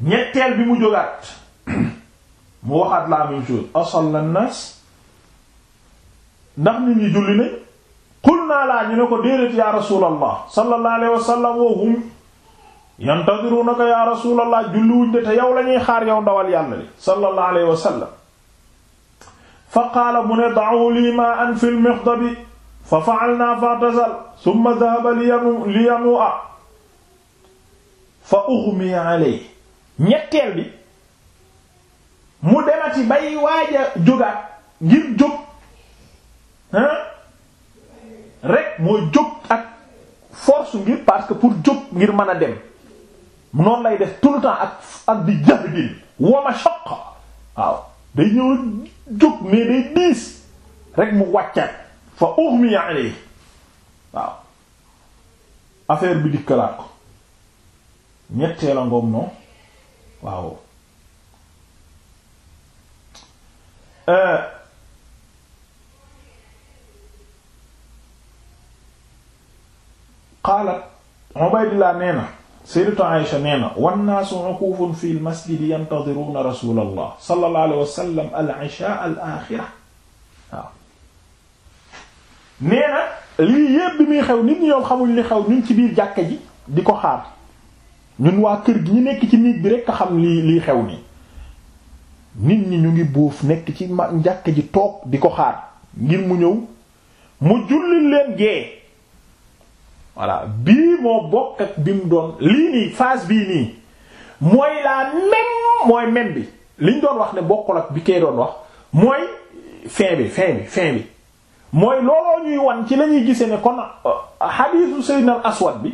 ñetteel bi mu jógaat [coughs] mu waxaat la même chose asalla an-nas ndax nit ñi julli nañ maa laa ñu ne ko déedéet yaa rasuulallah wa hum yantadirunaka yaa rasuulallah julliwuñ de te yow xaar yow ndawal yàlla li wa sallam fa mu ne da'u lii maa an fil mixdabi fa fa'alnaa fa'tazal summa dhahaba liyamu'a fa ughmiya alayhi ñetteel bi mu demati bay waaja jógaat ngir jóg rek mooy jóg ak force ngir parce que pour jóg ngir mën a dem noonu lay def tout le temps ak ak di jafe bi waaw day jóg mais day diis rek mu wàccat fa ughmiya alayhi waaw affaire bi dikkalaat ko ñetteela ngoom noonu waaw. Euh, qaalat Ubaydillah nee na sayyidatu Aïsha nee na wannaasu uquufun fi lmasjidi yantadiruuna rasul allah sallallahu alayhi wa sallam al-ishaa al-aaxira waaw nee na lii yépp bi muy xew nit ñi yoon xamuñ li xew ñun ci biir jàkka ji di ko xaar ñun waa kër gi ñu nekk ci nit bi rekk a xam lii lii xew nii nit ñi ñu ngi buuf nekk ci ma jàkka ji toog di ko xaar ngir mu ñëw mu julli leen gee voilà bii moo bokk ak bi mu doon lii nii phase bii nii mooy la même mooy même bi liñ doon wax ne bokkul ak bi kay doon wax mooy fin bi fin bi fin bi mooy looloo ñuy wan ci lañuy ñuy ne kon xadiisu euh, Sayyidina al-Aswad bi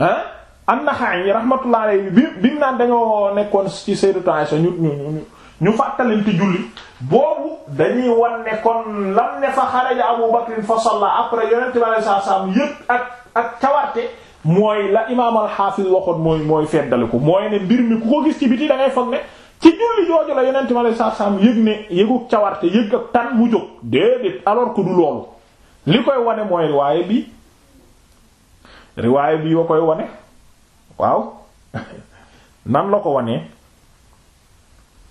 ah an-Naxa'i rahmatullah alayhi bi bi mu naan dañoo nekkoon ci Sayyidatu Aisha ñu ñu ñu fàttalante julli boobu dañuy wan ne kon lam ne fa xaraja Abu Bakr fa salla après yonent bi alayhi salaam yëpp ak ak cawarte mooy la imaam al-Hafiz waxoon mooy mooy feddaliku mooy ne mbir mi ku ko gis ci biti da ngay ne ci julli jooju la yonent bi alayhi salaam yëg ne yëguk cawarte yëg ak tan mu jóg déedéet alors que du loolu li koy wane mooy riwaaye bi riwaaye bi wa koy wane waaw [laughs] nan la ko wanee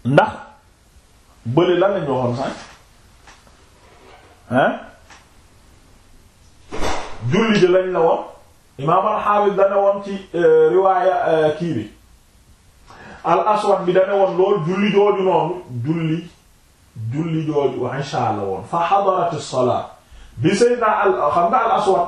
ndax bële lan lañu waxoon sànq hein julli ji lañ la woon imaam al-Hafiz dana woon ci euh, riwaaya euh, kii bi al aswad bi dana woon loolu julli jooju noonu julli julli jooju insha Allah woon fa xadarat as-salaat bi sayyidina al xam nga al aswad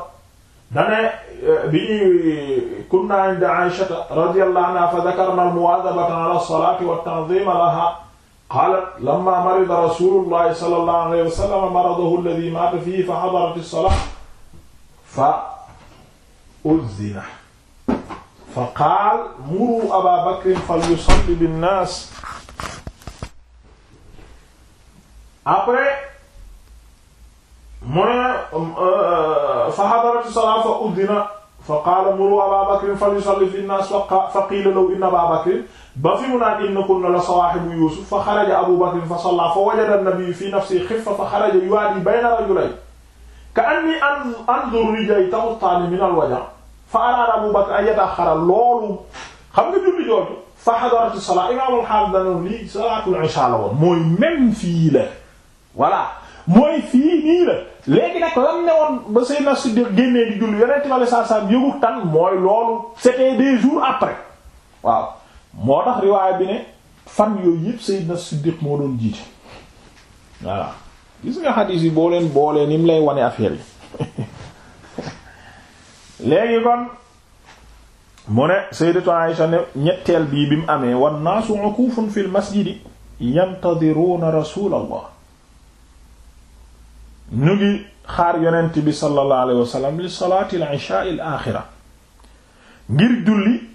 dane euh, bi ñuy kunna inda Aysha radiyallahu anha fa dhakarna al-muwaazabata ala as-salaati wa at-tanziima lahaa qaalat lamma marida rasulullahi sallallahu alayhi wa sallam maradahu alladhi maata fihi fa hadarat as-salah fa udhina fa qaal muru aba bakrin falyusalli binnaas après mu ne fa hadarat as-salah fa udhina fa qaala muru aba bakrin falyusalli binnaas fa qiila lahu inna aba bakrin ba fi mu naan inna kunna la sawaahibu Yuusuf fa xaraja Abu Bakr fa salla fa wajada an-nabiyyu fi nafsihi xiffa fa xaraja yuwaadii bayna rajulayhi ka'annii anzuru rijlayhi tamuttaani min al-waja' fa araada Abu Bakr an yata'axxara loolu xam nga julli jooju fa hadaratu salaa imaamul xaafis danoon lii salaatul ishaa la woon mooy même fii la voilà mooy fii nii la léegi nag lam ne woon ba Seydina Siddiq génnee di julli Yonent bi sallallahu alayhi wa sallam yëgu tan mooy loolu c'était des jours après waaw moo tax riwaay bi ne fan yooyu yëpp Seydina moo doon jiite voilà gis nga xadiis yi boo ni mu lay wane affaire yi [laughs] léegi kon mu ne Sayyidatu Aïsha ñetteel bii bi mu amee wan naasu uqufun fil masjidi yantadiruna rasulallah ñu ngi xaar yonent bi sallallahu alayhi ngir julli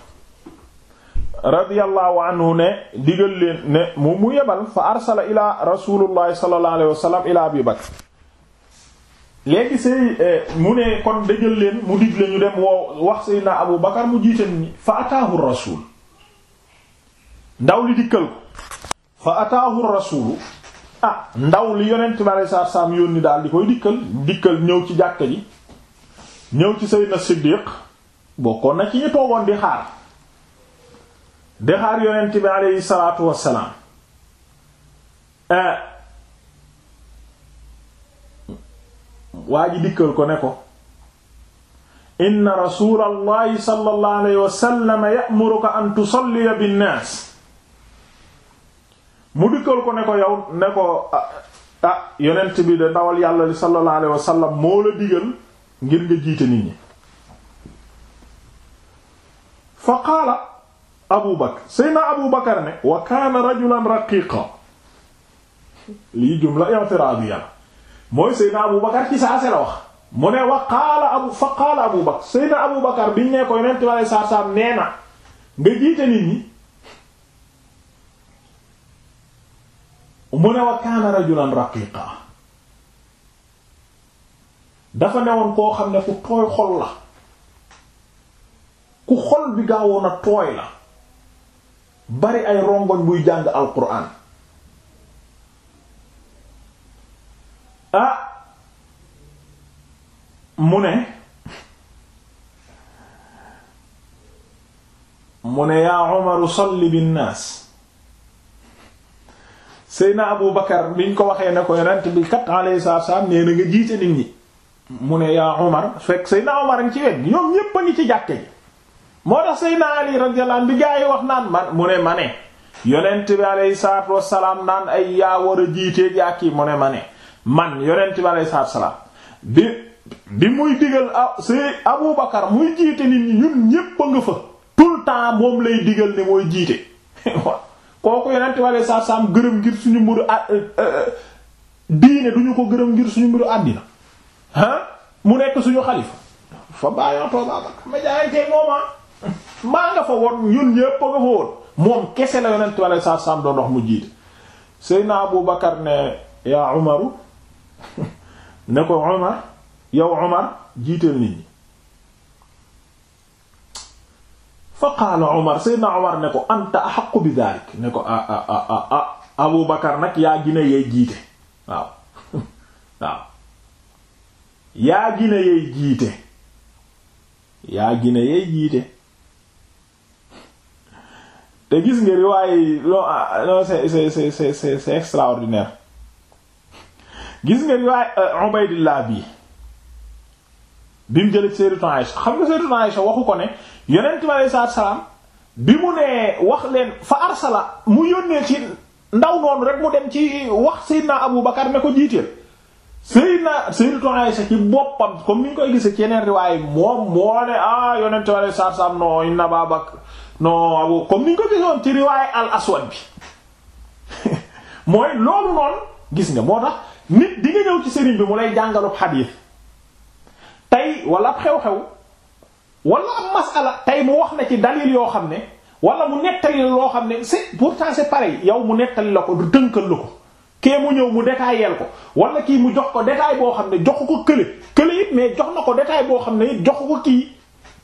radiyallahu anhu ne digal leen ne mu mu yebal fa arsala ila rasulullahi sallallahu alayhi wa sallam ila abi eh, mu ne kon dëjël leen mu digle ñu dem woo wax sayyidina abu bakar mu jiite ni fa ataahu rasul ndaw li dikkal ko fa ataahu rasulu ah ndaw li yonent bi alei satu salaam yónni daal di koy dikkal dikkal ñëw ci jàkk ji ñëw ci sayyidina siddiq bokkoon na ci ñu toogoon di xaar di xaar yonent bi aleyhi salaatu wassalaam eh, waa ji dikkal ko ne ko inna rasulallahi sallallahu alayhi ya'muruka an tusalliya binnaas mu dikkal ko ne ko yow ne ko ah, ah yonent bi da dawal yàlla li sallallahu alayhi wa sallam moo la digal ngir nga jiite nit ñi fa qaala abu bakar seydna abu bakar ne wa kaana rajulan raqiqa lii jumla i'tiradiya mooy seydna abu bakar ci saase la wax mu ne wa qaala abu bakar seydna abu bakar biñ ne ko yonent wale saar-saam nee na nga jiite nit ñi mu ne wa kaana rajulan raqiqa dafa newoon koo xam ne fu tooy xol la ku xol bi gaawoon a tooy la bari ay rongoñ buy jàng alquran ah mu ne mu ne yaa Umaru salli binnaas Seyna Abu Bakar biñ ko waxee ne ko rent bi kat alayhi salaatu salaam nee na nga jiite nit ñi mu ne yaa Umar fekk Seyna Umar ngi ci wet ñoom ñépp a ngi ci jàkke ji moo tax naa Ali radiyallahu anhu bi gaa yi wax naan man mu ne ma ne yonent bi alayhi salaatu wassalaam naan ay yaa war a jiitee jàkk yi mu ne ma man yonent bi alayhi salaatu wassalaam bi bi muy digal a muy jiite nit ñi ñun ñépp nga fa tout le temps moom lay digal ne mooy jiite [laughs] kooku yonent bi alayhi salaatu wassalaam gërëm ngir suñu mbiru a euh, euh, diine duñu ko gërëm ngir suñu mbiru àddina ah mu nekk suñu xalifa fa bàyyootoo Abu Bakar ma jaayantee mooma ah. maa nga fa woon ñun ñépp a nga fa woon moom kese la yonent bi alei satu salaam doon wax mu jiite Seydina Abu Bakar ne yaa Umaru [laughs] ne ko Umar yow Umar jiiteel nit ñi fa qaala Umar Seydina Umar ne ko anta ahaqqu bi dhalik ne ko ah ah ah ah, ah Abu Bakar nag yaa gine yey jiite waaw [laughs] waaw yaa gine yey jiite yaa gine yey jiite te gis nga riwaay yi loo non ah, c'est c'est c'est c'est extraordinaire gis nga riwaay euh, Ubaydillah bi bi mu jëlee Sayyidatu Aïsha xam nga Sayyidatu Aïsha waxu ko ne yonent bi alayhi salaatu salaam bi mu nee wax leen fa arsala mu yónnee ci ndaw noonu rek mu dem ci wax Seydina Abu Bakar ne ko jiiteel Seydina Sayyidatu Aïsha ci boppam comme ni ñu koy gisee ci yeneen riwaay moom moo ne ah yonent bi alayhi salaatu salaam non inna Abaa Bakar non comme ni ñu ko gisoon ci riwaay al aswad bi [laughs] mooy loolu noonu gis nga moo tax nit di nga ñëw ci sëriñ bi mu lay jàngalub xadiis tey walla ab xew-xew wala ab masala tey mu wax na ci dalil yoo xam ne wala mu nettali loo xam ne c'est pourtant c'est pareil yow mu nettali la ko du tënkal la ko kee mu ñëw mu détailleel ko wala kii mu jox ko détail boo xam ne jox ko kële kële it mais jox na ko détail boo xam ne it jox ko kii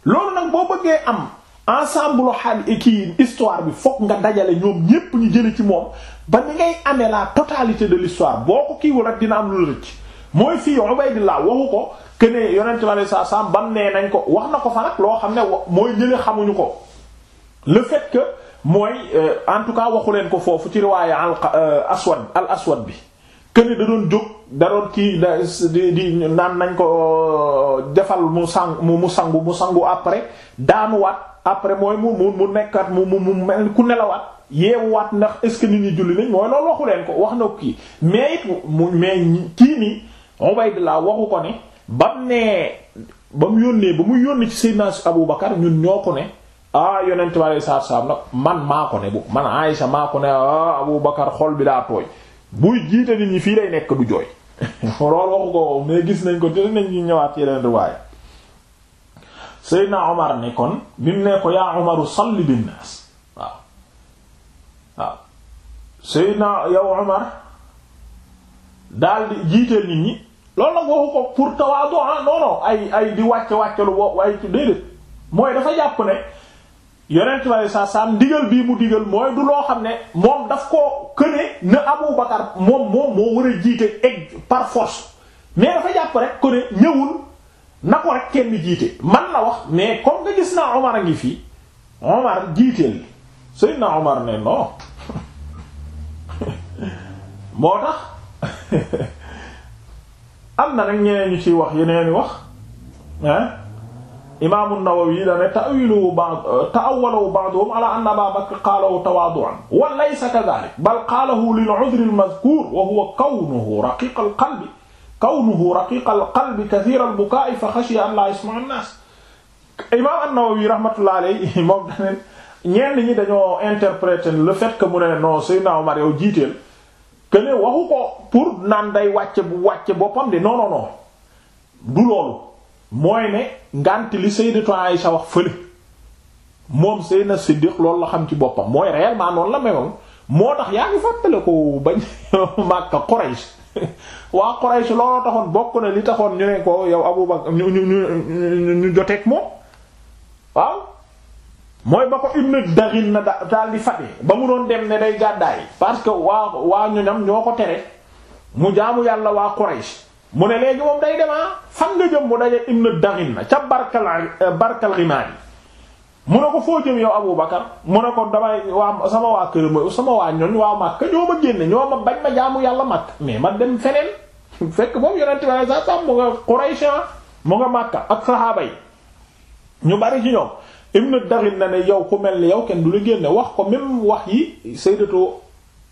loolu nag boo bëggee am. ensemble xaal kii histoire bi fokk nga dajale ñoom ñépp ñu jële ci moom ba ni ngay amee la totalité de l'histoire boo ko kiiwul rek dina am lu rëcc mooy fii Ubaydillah waxu ko que ne yonent bi alayhi salaam bam nee nañ ko wax na ko fa nag loo xam ne mooy ñële xamuñu ko le fait que mooy euh, en tout cas waxu leen ko foofu ci riwaaya al euh, aswad al aswad bi que ne da doon jóg da doon kii di di naan nañ ko euh, defal mu sang mu sangu mu sangu après daanuwaat. après mooy mu mu mu nekkaat mu mu mu mel ku nelawaat waat ndax est-ce que nit ñi julli nañ mooy loolu waxu leen ko wax na kii mais it mu mais kii nii Ubaydullah waxu ko ne bam ba mu yónnee ba mu yónni ci Seydina Abu Bakar ñun ñoo ko ne ah yonent bi alei saatu salaam nag man maa ko ne bu man Aïsha maa ko ne ah Abu Bakar xol bi daa tooy buy jiite nit ñi fii lay nekk du jooy [laughs] loolu waxu ko mais gis nañ ko dinañ nañ ñu ñëwaat yeneen riwaaya Seydina Omar ne kon bi mu ne ko yaa Omaru salli binnaas waaw waaw Seydina yow Omar daal di jiiteel nit ñi loolu nag waxu ko pour tawaadu ah, non non ay ay di wàcce wàcce lu boobu ay déedéet mooy dafa jàpp ne yonent bi saa saa ndigal bii mu digal mooy du loo xam ne moom daf koo këne na Abu Bakar moom moom moo war a jiite egg par force mais dafa jàpp rek këne ñëwul. na ko rek kenn jiite man la wax mais comme nga gis naa Omar a ngi fii Omar jiiteel Seydina Omar ne non [laughs] moo tax [laughs] am na nag ñeneen ñu ciy wax yeneen wax ah imaamu Nawawi da ne ta'wilu ba'd ta'awwalu ba'dhum ala anna Aba Bakr qaalahu tawaadu'an wa laysa kadhalik bal qaalahu lil 'udhr al-madhkur wa huwa kawnuhu raqiq al-qalb kaw raqiqa al qalbi kathira al bukaa fa xashiya imaam an-Nawawi rahmatullah moom daneen ñenn ñi dañoo interpréter le fait que mu ne non Seydina Omar yow jiiteel que waxu ko pour naan day wàcce bu wàcce boppam de non non du loolu mooy ne ngànt li Sayyidatu Aïsha wax fële moom Seydina Siddiq loolu la xam ci boppam mooy réellement noonu la meloon moo tax yaa ngi fàttale ko bañ [laughs] Makka Quraysh waa Quraysh looloo taxoon bokk na li taxoon ñu ne ko yow Abu Bakr ñu ñu ñu ñu joteeg moom waaw mooy ba ko Ibn Darin na daal di fate ba mu doon dem ne day gàddaay parce que waa waa ñoñam ñoo ko tere mu jaamu yàlla waa Quraysh mu ne léegi moom day demaa ah fan nga jëm mu daje Ibn Darin na ca barkal barkal rimaani mu ne ko foo jëm yow Abu Bakar mu ne ko damay waa sama waa kër ma sama waa ñoñ waa Makka ñoo ma génne ñoo ma bañ ma jaamu yàlla Makka mais ma dem feneen [laughs] fekk boobu yonent bi alayhi salaam mu nga Quraysh ah mu ak saxaaba yi ñu bari ci ñoom na yow ku mel ni yow kenn du la génne wax ko même wax yi Sayyidatu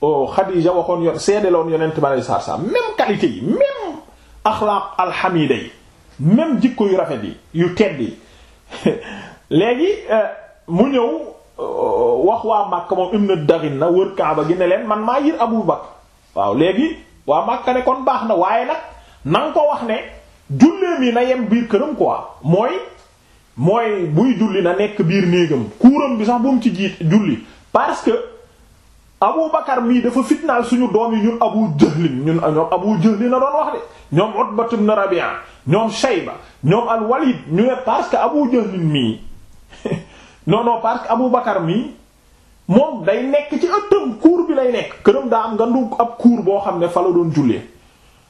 Xadiija oh, waxoon yoon seedeloon yonent bi alayhi salaam même qualité yi même axlaaq alxamida yi même jikko yu rafet yi yu tedd yi [laughs] léegi euh, mu ñëw euh, wax waa Makka moom Ibn Daghina wër Kaaba gi ne leen man maa yir Abu Bakr waaw léegi waa Makka ne kon baax na waaye nag na ko wax ne julleem yi na yem biir këram quoi mooy mooy buy julli na nekk biir néegam kuuram bi sax bu mu ci jiit julli parce que. Abu Bakar mii dafa fitnaal suñu doom yi ñun Abu Jahlin ñun ñoom Abu Jahlin na doon wax de ñoom Utbat ibn Rabi'a ñoom Shayba ñoom al Walid ñu ne parce que Abu Jahlin mii non non que Abu Bakar mi moom day nekk ci ëttam cour bi lay nekk këram daa am ngandu ab cour boo xam ne fa la doon jullee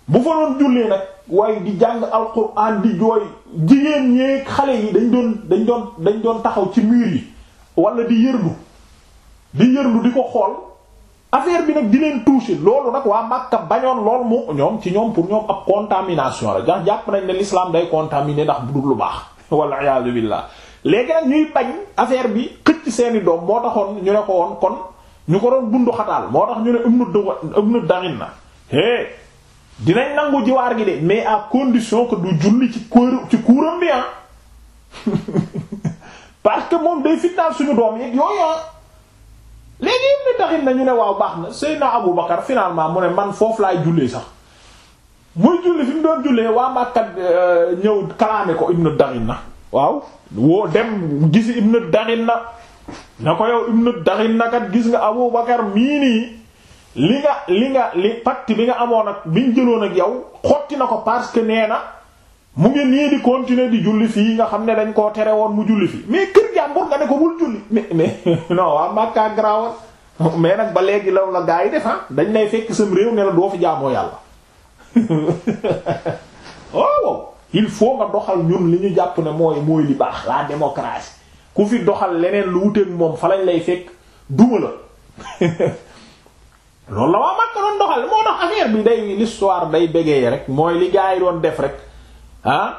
bu fa doon jullee nag waaye di jàng alquran di jooy jigéen ñeeg xale yi dañ doon dañ doon dañ doon taxaw ci mur yi wala di yërlu di yërlu di ko xool affaire bi nag di leen toucher loolu nag waa Makka bañoon lool mu ñoom ci ñoom pour ñoom ab contamination la ndax jàpp nañ ne lislaam day contaminer ndax bu dul lu baax [laughs] wala iyaazu billah léegi nag ñuy bañ affaire bi xëcc seeni doom moo taxoon ñu ne ko woon kon ñu ko doon bundu xataal moo tax ñu ne ibnu d ibnu damin na é dinañ nangu jiwaar gi de mais à condition que du julli ci kóor ci kuuram bi ah [laughs] parce que moom day fitnaal suñu doom yi yooyu ah léegi ibnu daxin na ñu ne waaw baax na Seydina Abu Bakar finalement mu ne man foofu laay jullee sax muy julli fi mu doon jullee waa Makka euh, ñëw kalaame ko ibnu daxin na waaw woo dem gisi ibnu daxin na na ko yow ibnu daxin na kat gis nga Abu Bakar mii nii li nga li nga li pacte bi nga amoon ak biñ jëloon ak yow xotti na ko parce que nee na mu ngi nii di continuer di julli fii nga xam ne dañ koo tere woon mu julli fii mais kër jàmbur nga ne ko bul julli mais mais [laughs] non waa Makka garaawal mais nag ba léegi law la gaa yi def ah, dañ lay fekk sam réew ne la doo fi jaamoo yàlla [laughs] oh. il faut nga doxal ñun li ñu jàpp ne mooy mooy li baax la démocratie ku fi doxal leneen lu wuteeg moom fa lañ lay fekk duma la [laughs] loolu la waa Makka doon doxal moo tax affaire bi day l'histoire day bégeyee rek mooy li gaa yi doon def rek ah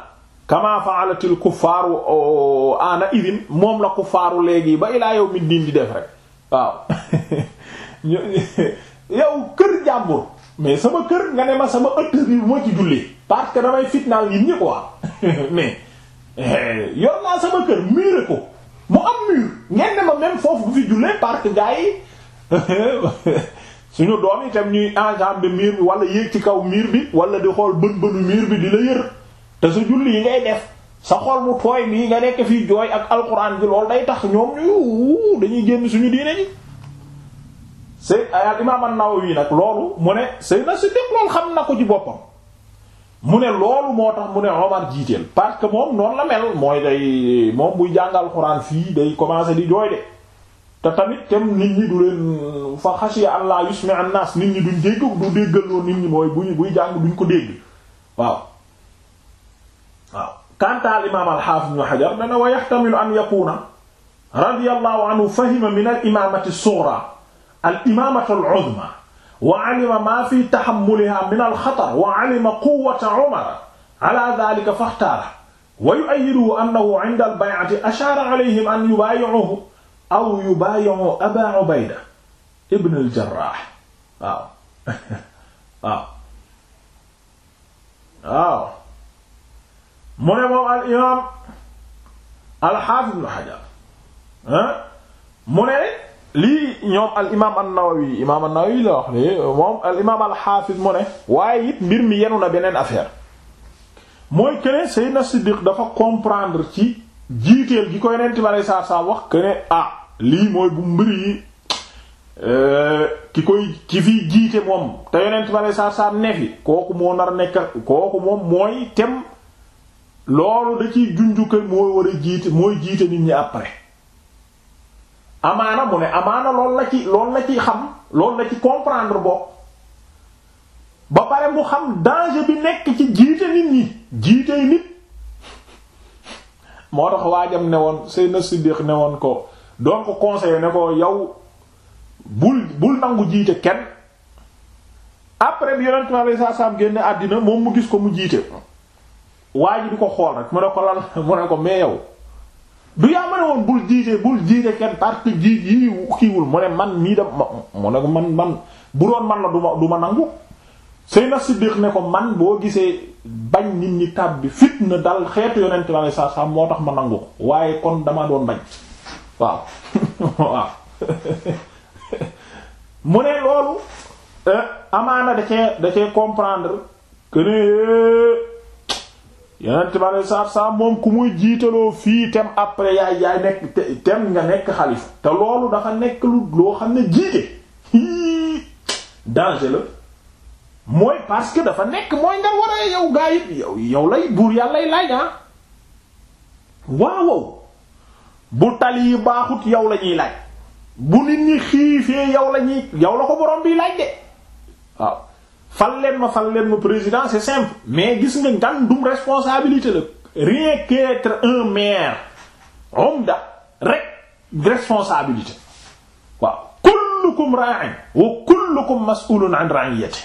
kama faalatil kuffaaru oh, ana idin moom la faaru léegi ba ilaa yow mi di def rek waaw [laughs] [laughs] yow kër jàmbur mais sama kër nga ne ma sama ëtt bi bu ma ci jullee parce que damay fitnaal nit ñi quoi [laughs] mais eh, yor naa sama kër miire ko mu am mur ngeen ne ma même foofu bu fi jullee parce que gars yi [laughs] suñu doom itam ñuy enjambe miir bi wala yéeg ci kaw miir bi wala di xool bën bënu miir bi di la yër te sa julli yi ngay def sa xool mu tooy nii nga nekk fii jooy ak alxuraan bi loolu day tax ñoom ñu dañuy génn suñu diine ji sëy al imaam an-Nawawi nag loolu mu ne Seydina Siddiq loolu xam na ko ci boppam mu ne loolu moo tax mu ne Omar jiiteel parce que moom noonu la mel mooy day moom buy jàngal xuraan fii di jooy de te tamit tam nit ñi du Allah yusmi an nit ñi duñ dégg du déggal noonu nit ñi mooy buñu buy jàng duñ ko dégg waaw waaw kanta al imaam al-Hafiz ibn Hajar dana wa yahtamilu an yakuna radiyallahu anhu fahima min al-imamati as al imaamatu al uzma wa alima maa fi tahammuliha min al xatar wa alima quwwata umar ala dhalika faxtaara wa yu'ayyiduhu annahu 'inda al bay'ati ashaara alayhim an yubaayi'uuhu aw yubaayi'uu abaa ubayda ibn al jarraah waaw [laughs] waaw waaw mu ne moom al imaam al haafiz ibn hajar ah, mu ne lii ñoom al imaam an-Nawawi imaam an-Nawawi la wax ni moom al imaam al-Hafiz mu ne waaye it mbir mi yenu na beneen affaire mooy keneen Seydina Siddiq dafa comprendre ci jiiteel gi ko yeneen tibalee saa saa wax keneen ah lii mooy bu mbir yi euh, ki koy ki fiy jiite moom te yeneen tibalee saa saa nefi kooku moo nar nekk kooku moom mooy tem loolu da ciy junjuke mooy war a jiite mooy jiite nit ñi après amaana mu ne amaana loolu la ci lool la ci xam loolu la ci comprendre boo ba pare mu xam danger bi nekk ci jiite nit ñi jiitey nit moo tax waajam ne woon si Siddiq ne woon ko doon ko conseillé ne ko yow bul bul nangu jiite kenn après bi yonent mi alayhi salaam génne àddina moom mu gis ko mu jiite waa ji di ko xool rek mu ne ko lan [laughs] mu ne ko mais yow du yaa ma ne woon bul jiite bul jiite kenn parce que yii kiiwul mu ne man mii da mu ne man man bu doon man la du ma du ma nangu Seydina Siddiq ne ko man boo gisee bañ nit ñi tàbbi fitna dal xeetu yonent la saa saa moo tax ma nangu ko waaye kon dama doon bañ waaw [laughs] waaw [laughs] mu ne loolu eh, amaana da cee comprendre que ne yonent ma saab saab moom ku muy jiitaloo fii tem après yaay yaay nekk tem nga nekk xalifa te loolu dafa nekk lu loo xam ne jiite [laughs] danger la mooy parce que dafa nekk mooy nga war a yow gaa yi yow yow lay buur yàlla lay laaj ah bu tali yi baaxut yow la ñuy laaj nit ñi xiifee yow la ñuy yow la ko borom bi laaj de waaw fal leen ma fal leen ma président c'est simple mais gis nga ngan dum responsabilité la rien qu'être un maire omda rek responsabilité waaw kullukum ra'in wa kullukum mas'ulun an ra'iyati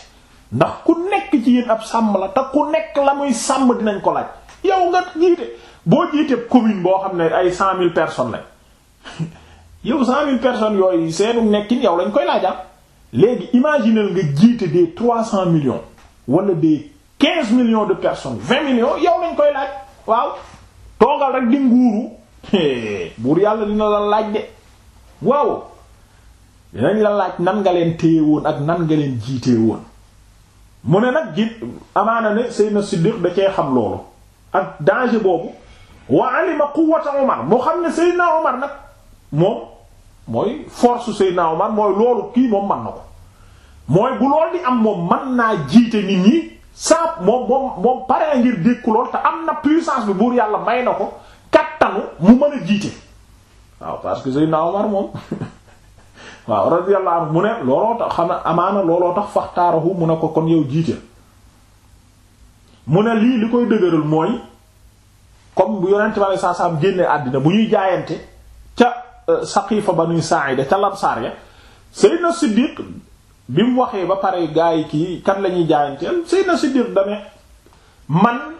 ndax ku nekk ci yéen ab sàmm la te ku nekk la muy sàmm dinañ ko laaj yow nga jiite boo jiitee commune boo xam ne ay cent mille personnes lañ [laughs] yow cent mille personnes yooyu seenu nekkin yow lañ koy laajam ah. léegi imaginez nga jiite des trois cents millions wala des quinze millions de personnes vingt millions yow lañ koy laaj waaw toogal rek di nguuru buur yàlla dina la laaj de waaw dinañ la laaj nan nga leen téye woon ak nan nga leen jiitee woon mu ne nag jiit amaana ne Seydina Siddiq da cee xam loolu ak danger boobu wa alima quwwata Omar moo xam ne Seydina Omar nag moom mooy force Seydina Omar mooy loolu kii moom man na ko mooy bu loolu di am moom mën naa jiite nit ñi saa moom moom moom pare ngir dékku lool te am na puissance bi buur yàlla may na ko kattanu mu mën a jiite waaw parce que Seydina Omar moom [laughs] waaw radiyallahu anhu mu ne looloo tax xam na amaana looloo tax faxtaarahu mu ne ko kon yow jiite mu ne lii li koy dëgëral mooy comme bu yonent bi sallallahu alayhi wasallam génne àddina bu ñuy jaayante ca saqiifa banu sa'ida ca lamsaar ya Seydina Siddiq bi mu waxee ba pare gaa yi kii kan la ñuy jaayanteel Seydina Siddiq dame man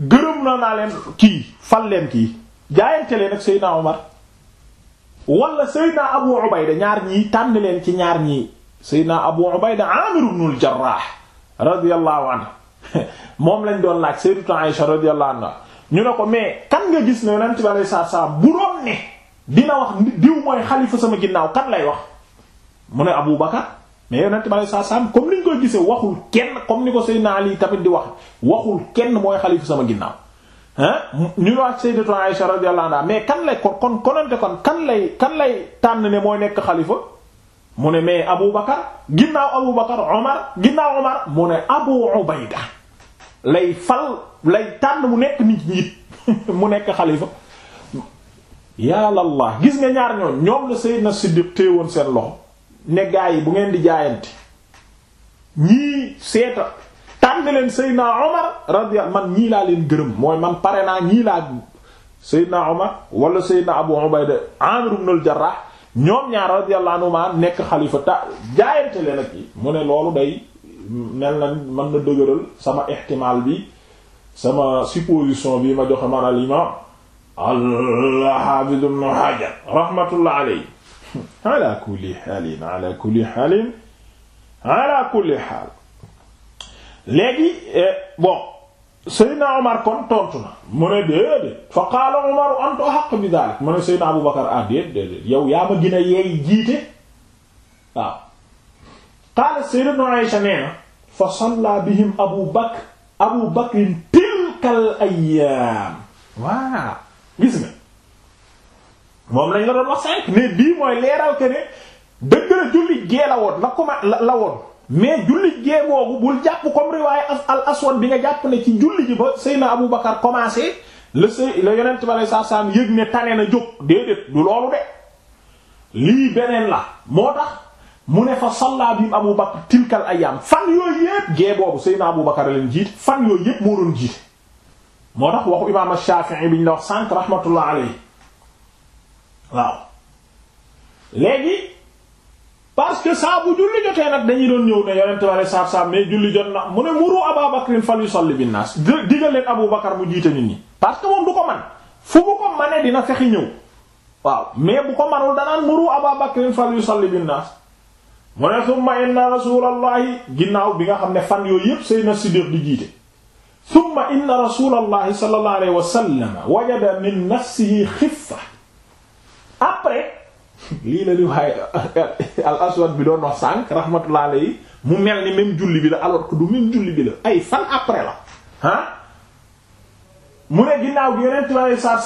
gërëm na naa leen kii fal leen kii jaayante leen ak Seydina Omar wala Abu Ubayda ñaar ñii tànn leen ci ñaar ñii Seydina Abu Ubayda Amir ibn al-Jarrah radiyallahu [laughs] moom lañ doon laaj Sayyidatu Aïsha radiyallahu anha ñu ne ko mais kan nga gis ne Yonent bi sallallahu alayhi wasallam bu doon ne dina wax diw mooy xalifa sama ginnaaw kan lay wax mu ne Abu Bakar mais yonent bi alei sat salaam comme ni ñu koy gisee waxul kenn comme ni ko Seydina Ali tamit di wax waxul kenn mooy xalifa sama ginnaaw ah ñu wax Sayyidatu Aisha radiyallahu anha mais kan lay kon kon konante kon kan lay kan lay tànn ne mooy nekk xalifa mu ne mais Abu Bakar ginnaaw Abu Bakar Omar ginnaaw Omar mu ne Abu Ubayda lay fal lay tànn mu nekk nit njiit [laughs] mu nekk xalifa yàllallah gis nga ñaar ñoom ñoom la Seydina Siddiq woon seen loxo ne yi bu ngeen di jaayante ñii seeta tànn leen Seydina Omar radiyallahu man ñii laa leen gërëm mooy man pare naa ñii laa Seydina Omar wala Seydina Abu Ubayda Amir ibn al-Jarrah ñoom ñaar radiyallahu anhuma nekk xalifa ta jaayante leen ak yi mu ne loolu day mel na mën na dëgëral sama ihtimal bi sama supposition bi ma joxe man al al-Hafiz ibn Hajar rahmatullah alayhi ala kulli haalin ala kulli haalin ala kulli haal léegi eh, bon Seydina Omar kon tontu na mu ne déedéet fa qaala Omar anta ahqqu bi daalik mu ne Seydina Abu Bakar ah déedéet déedéet yow yaa ma gën a yeey jiite waaw qaala Sayyidatu Aysha nee na fa salla bihim Abu Bakr Abu Bakr tilkal ayyaam waaw gis na moom lañ la doon wax sànq ne bii mooy leeral que ne dëgg na jullit gee la woon la koma la woon mais jullit gee boobu bul jàpp comme riwaaye al aswad bi nga jàpp ne ci julli ji ba Seyna Abu Bakar commencé la sëy la yonent bi alei satu salaam yëg ne tane na jóg déedéet du loolu de lii beneen la moo tax mu ne fa salla bihim Abu Bakar tilkal ayam fan yooyu yépp gee boobu Seyna Abu Bakar leen jiit fan yooyu yépp moo doon jiit moo tax waxu imaam Shaafi'i bi ñu la wax sànq rahmatullah alayhi waaw léegi parce que saa bu julli jotee nag dañuy doon ñëw ne yonent ware saab saab mais julli jot na mu ne muru Abaa Bakrin yu yusalli bin naas digal leen Abu Bakar mu jiite nit ñi parce que moom du ko man fu bu ko mane dina fexi ñëw waaw mais bu ko manul danaan muru Abaa Bakrin fal yusalli bin naas mu ne summa inna rasulallahi ginnaaw bi nga xam ne fan yooyu yépp Seydina Siddiq di jiite summa inna rasulallahi sallallahu alayhi wa sallam wajada min nafsihi xiffa après lii la riwaay al aswad bi doon wax sànq rahmatullah alayhi mu mel ni même julli bi la alors que du même julli bi la ay fan après la ah mu ne ginnaaw gi yonent bi alayhi salaatu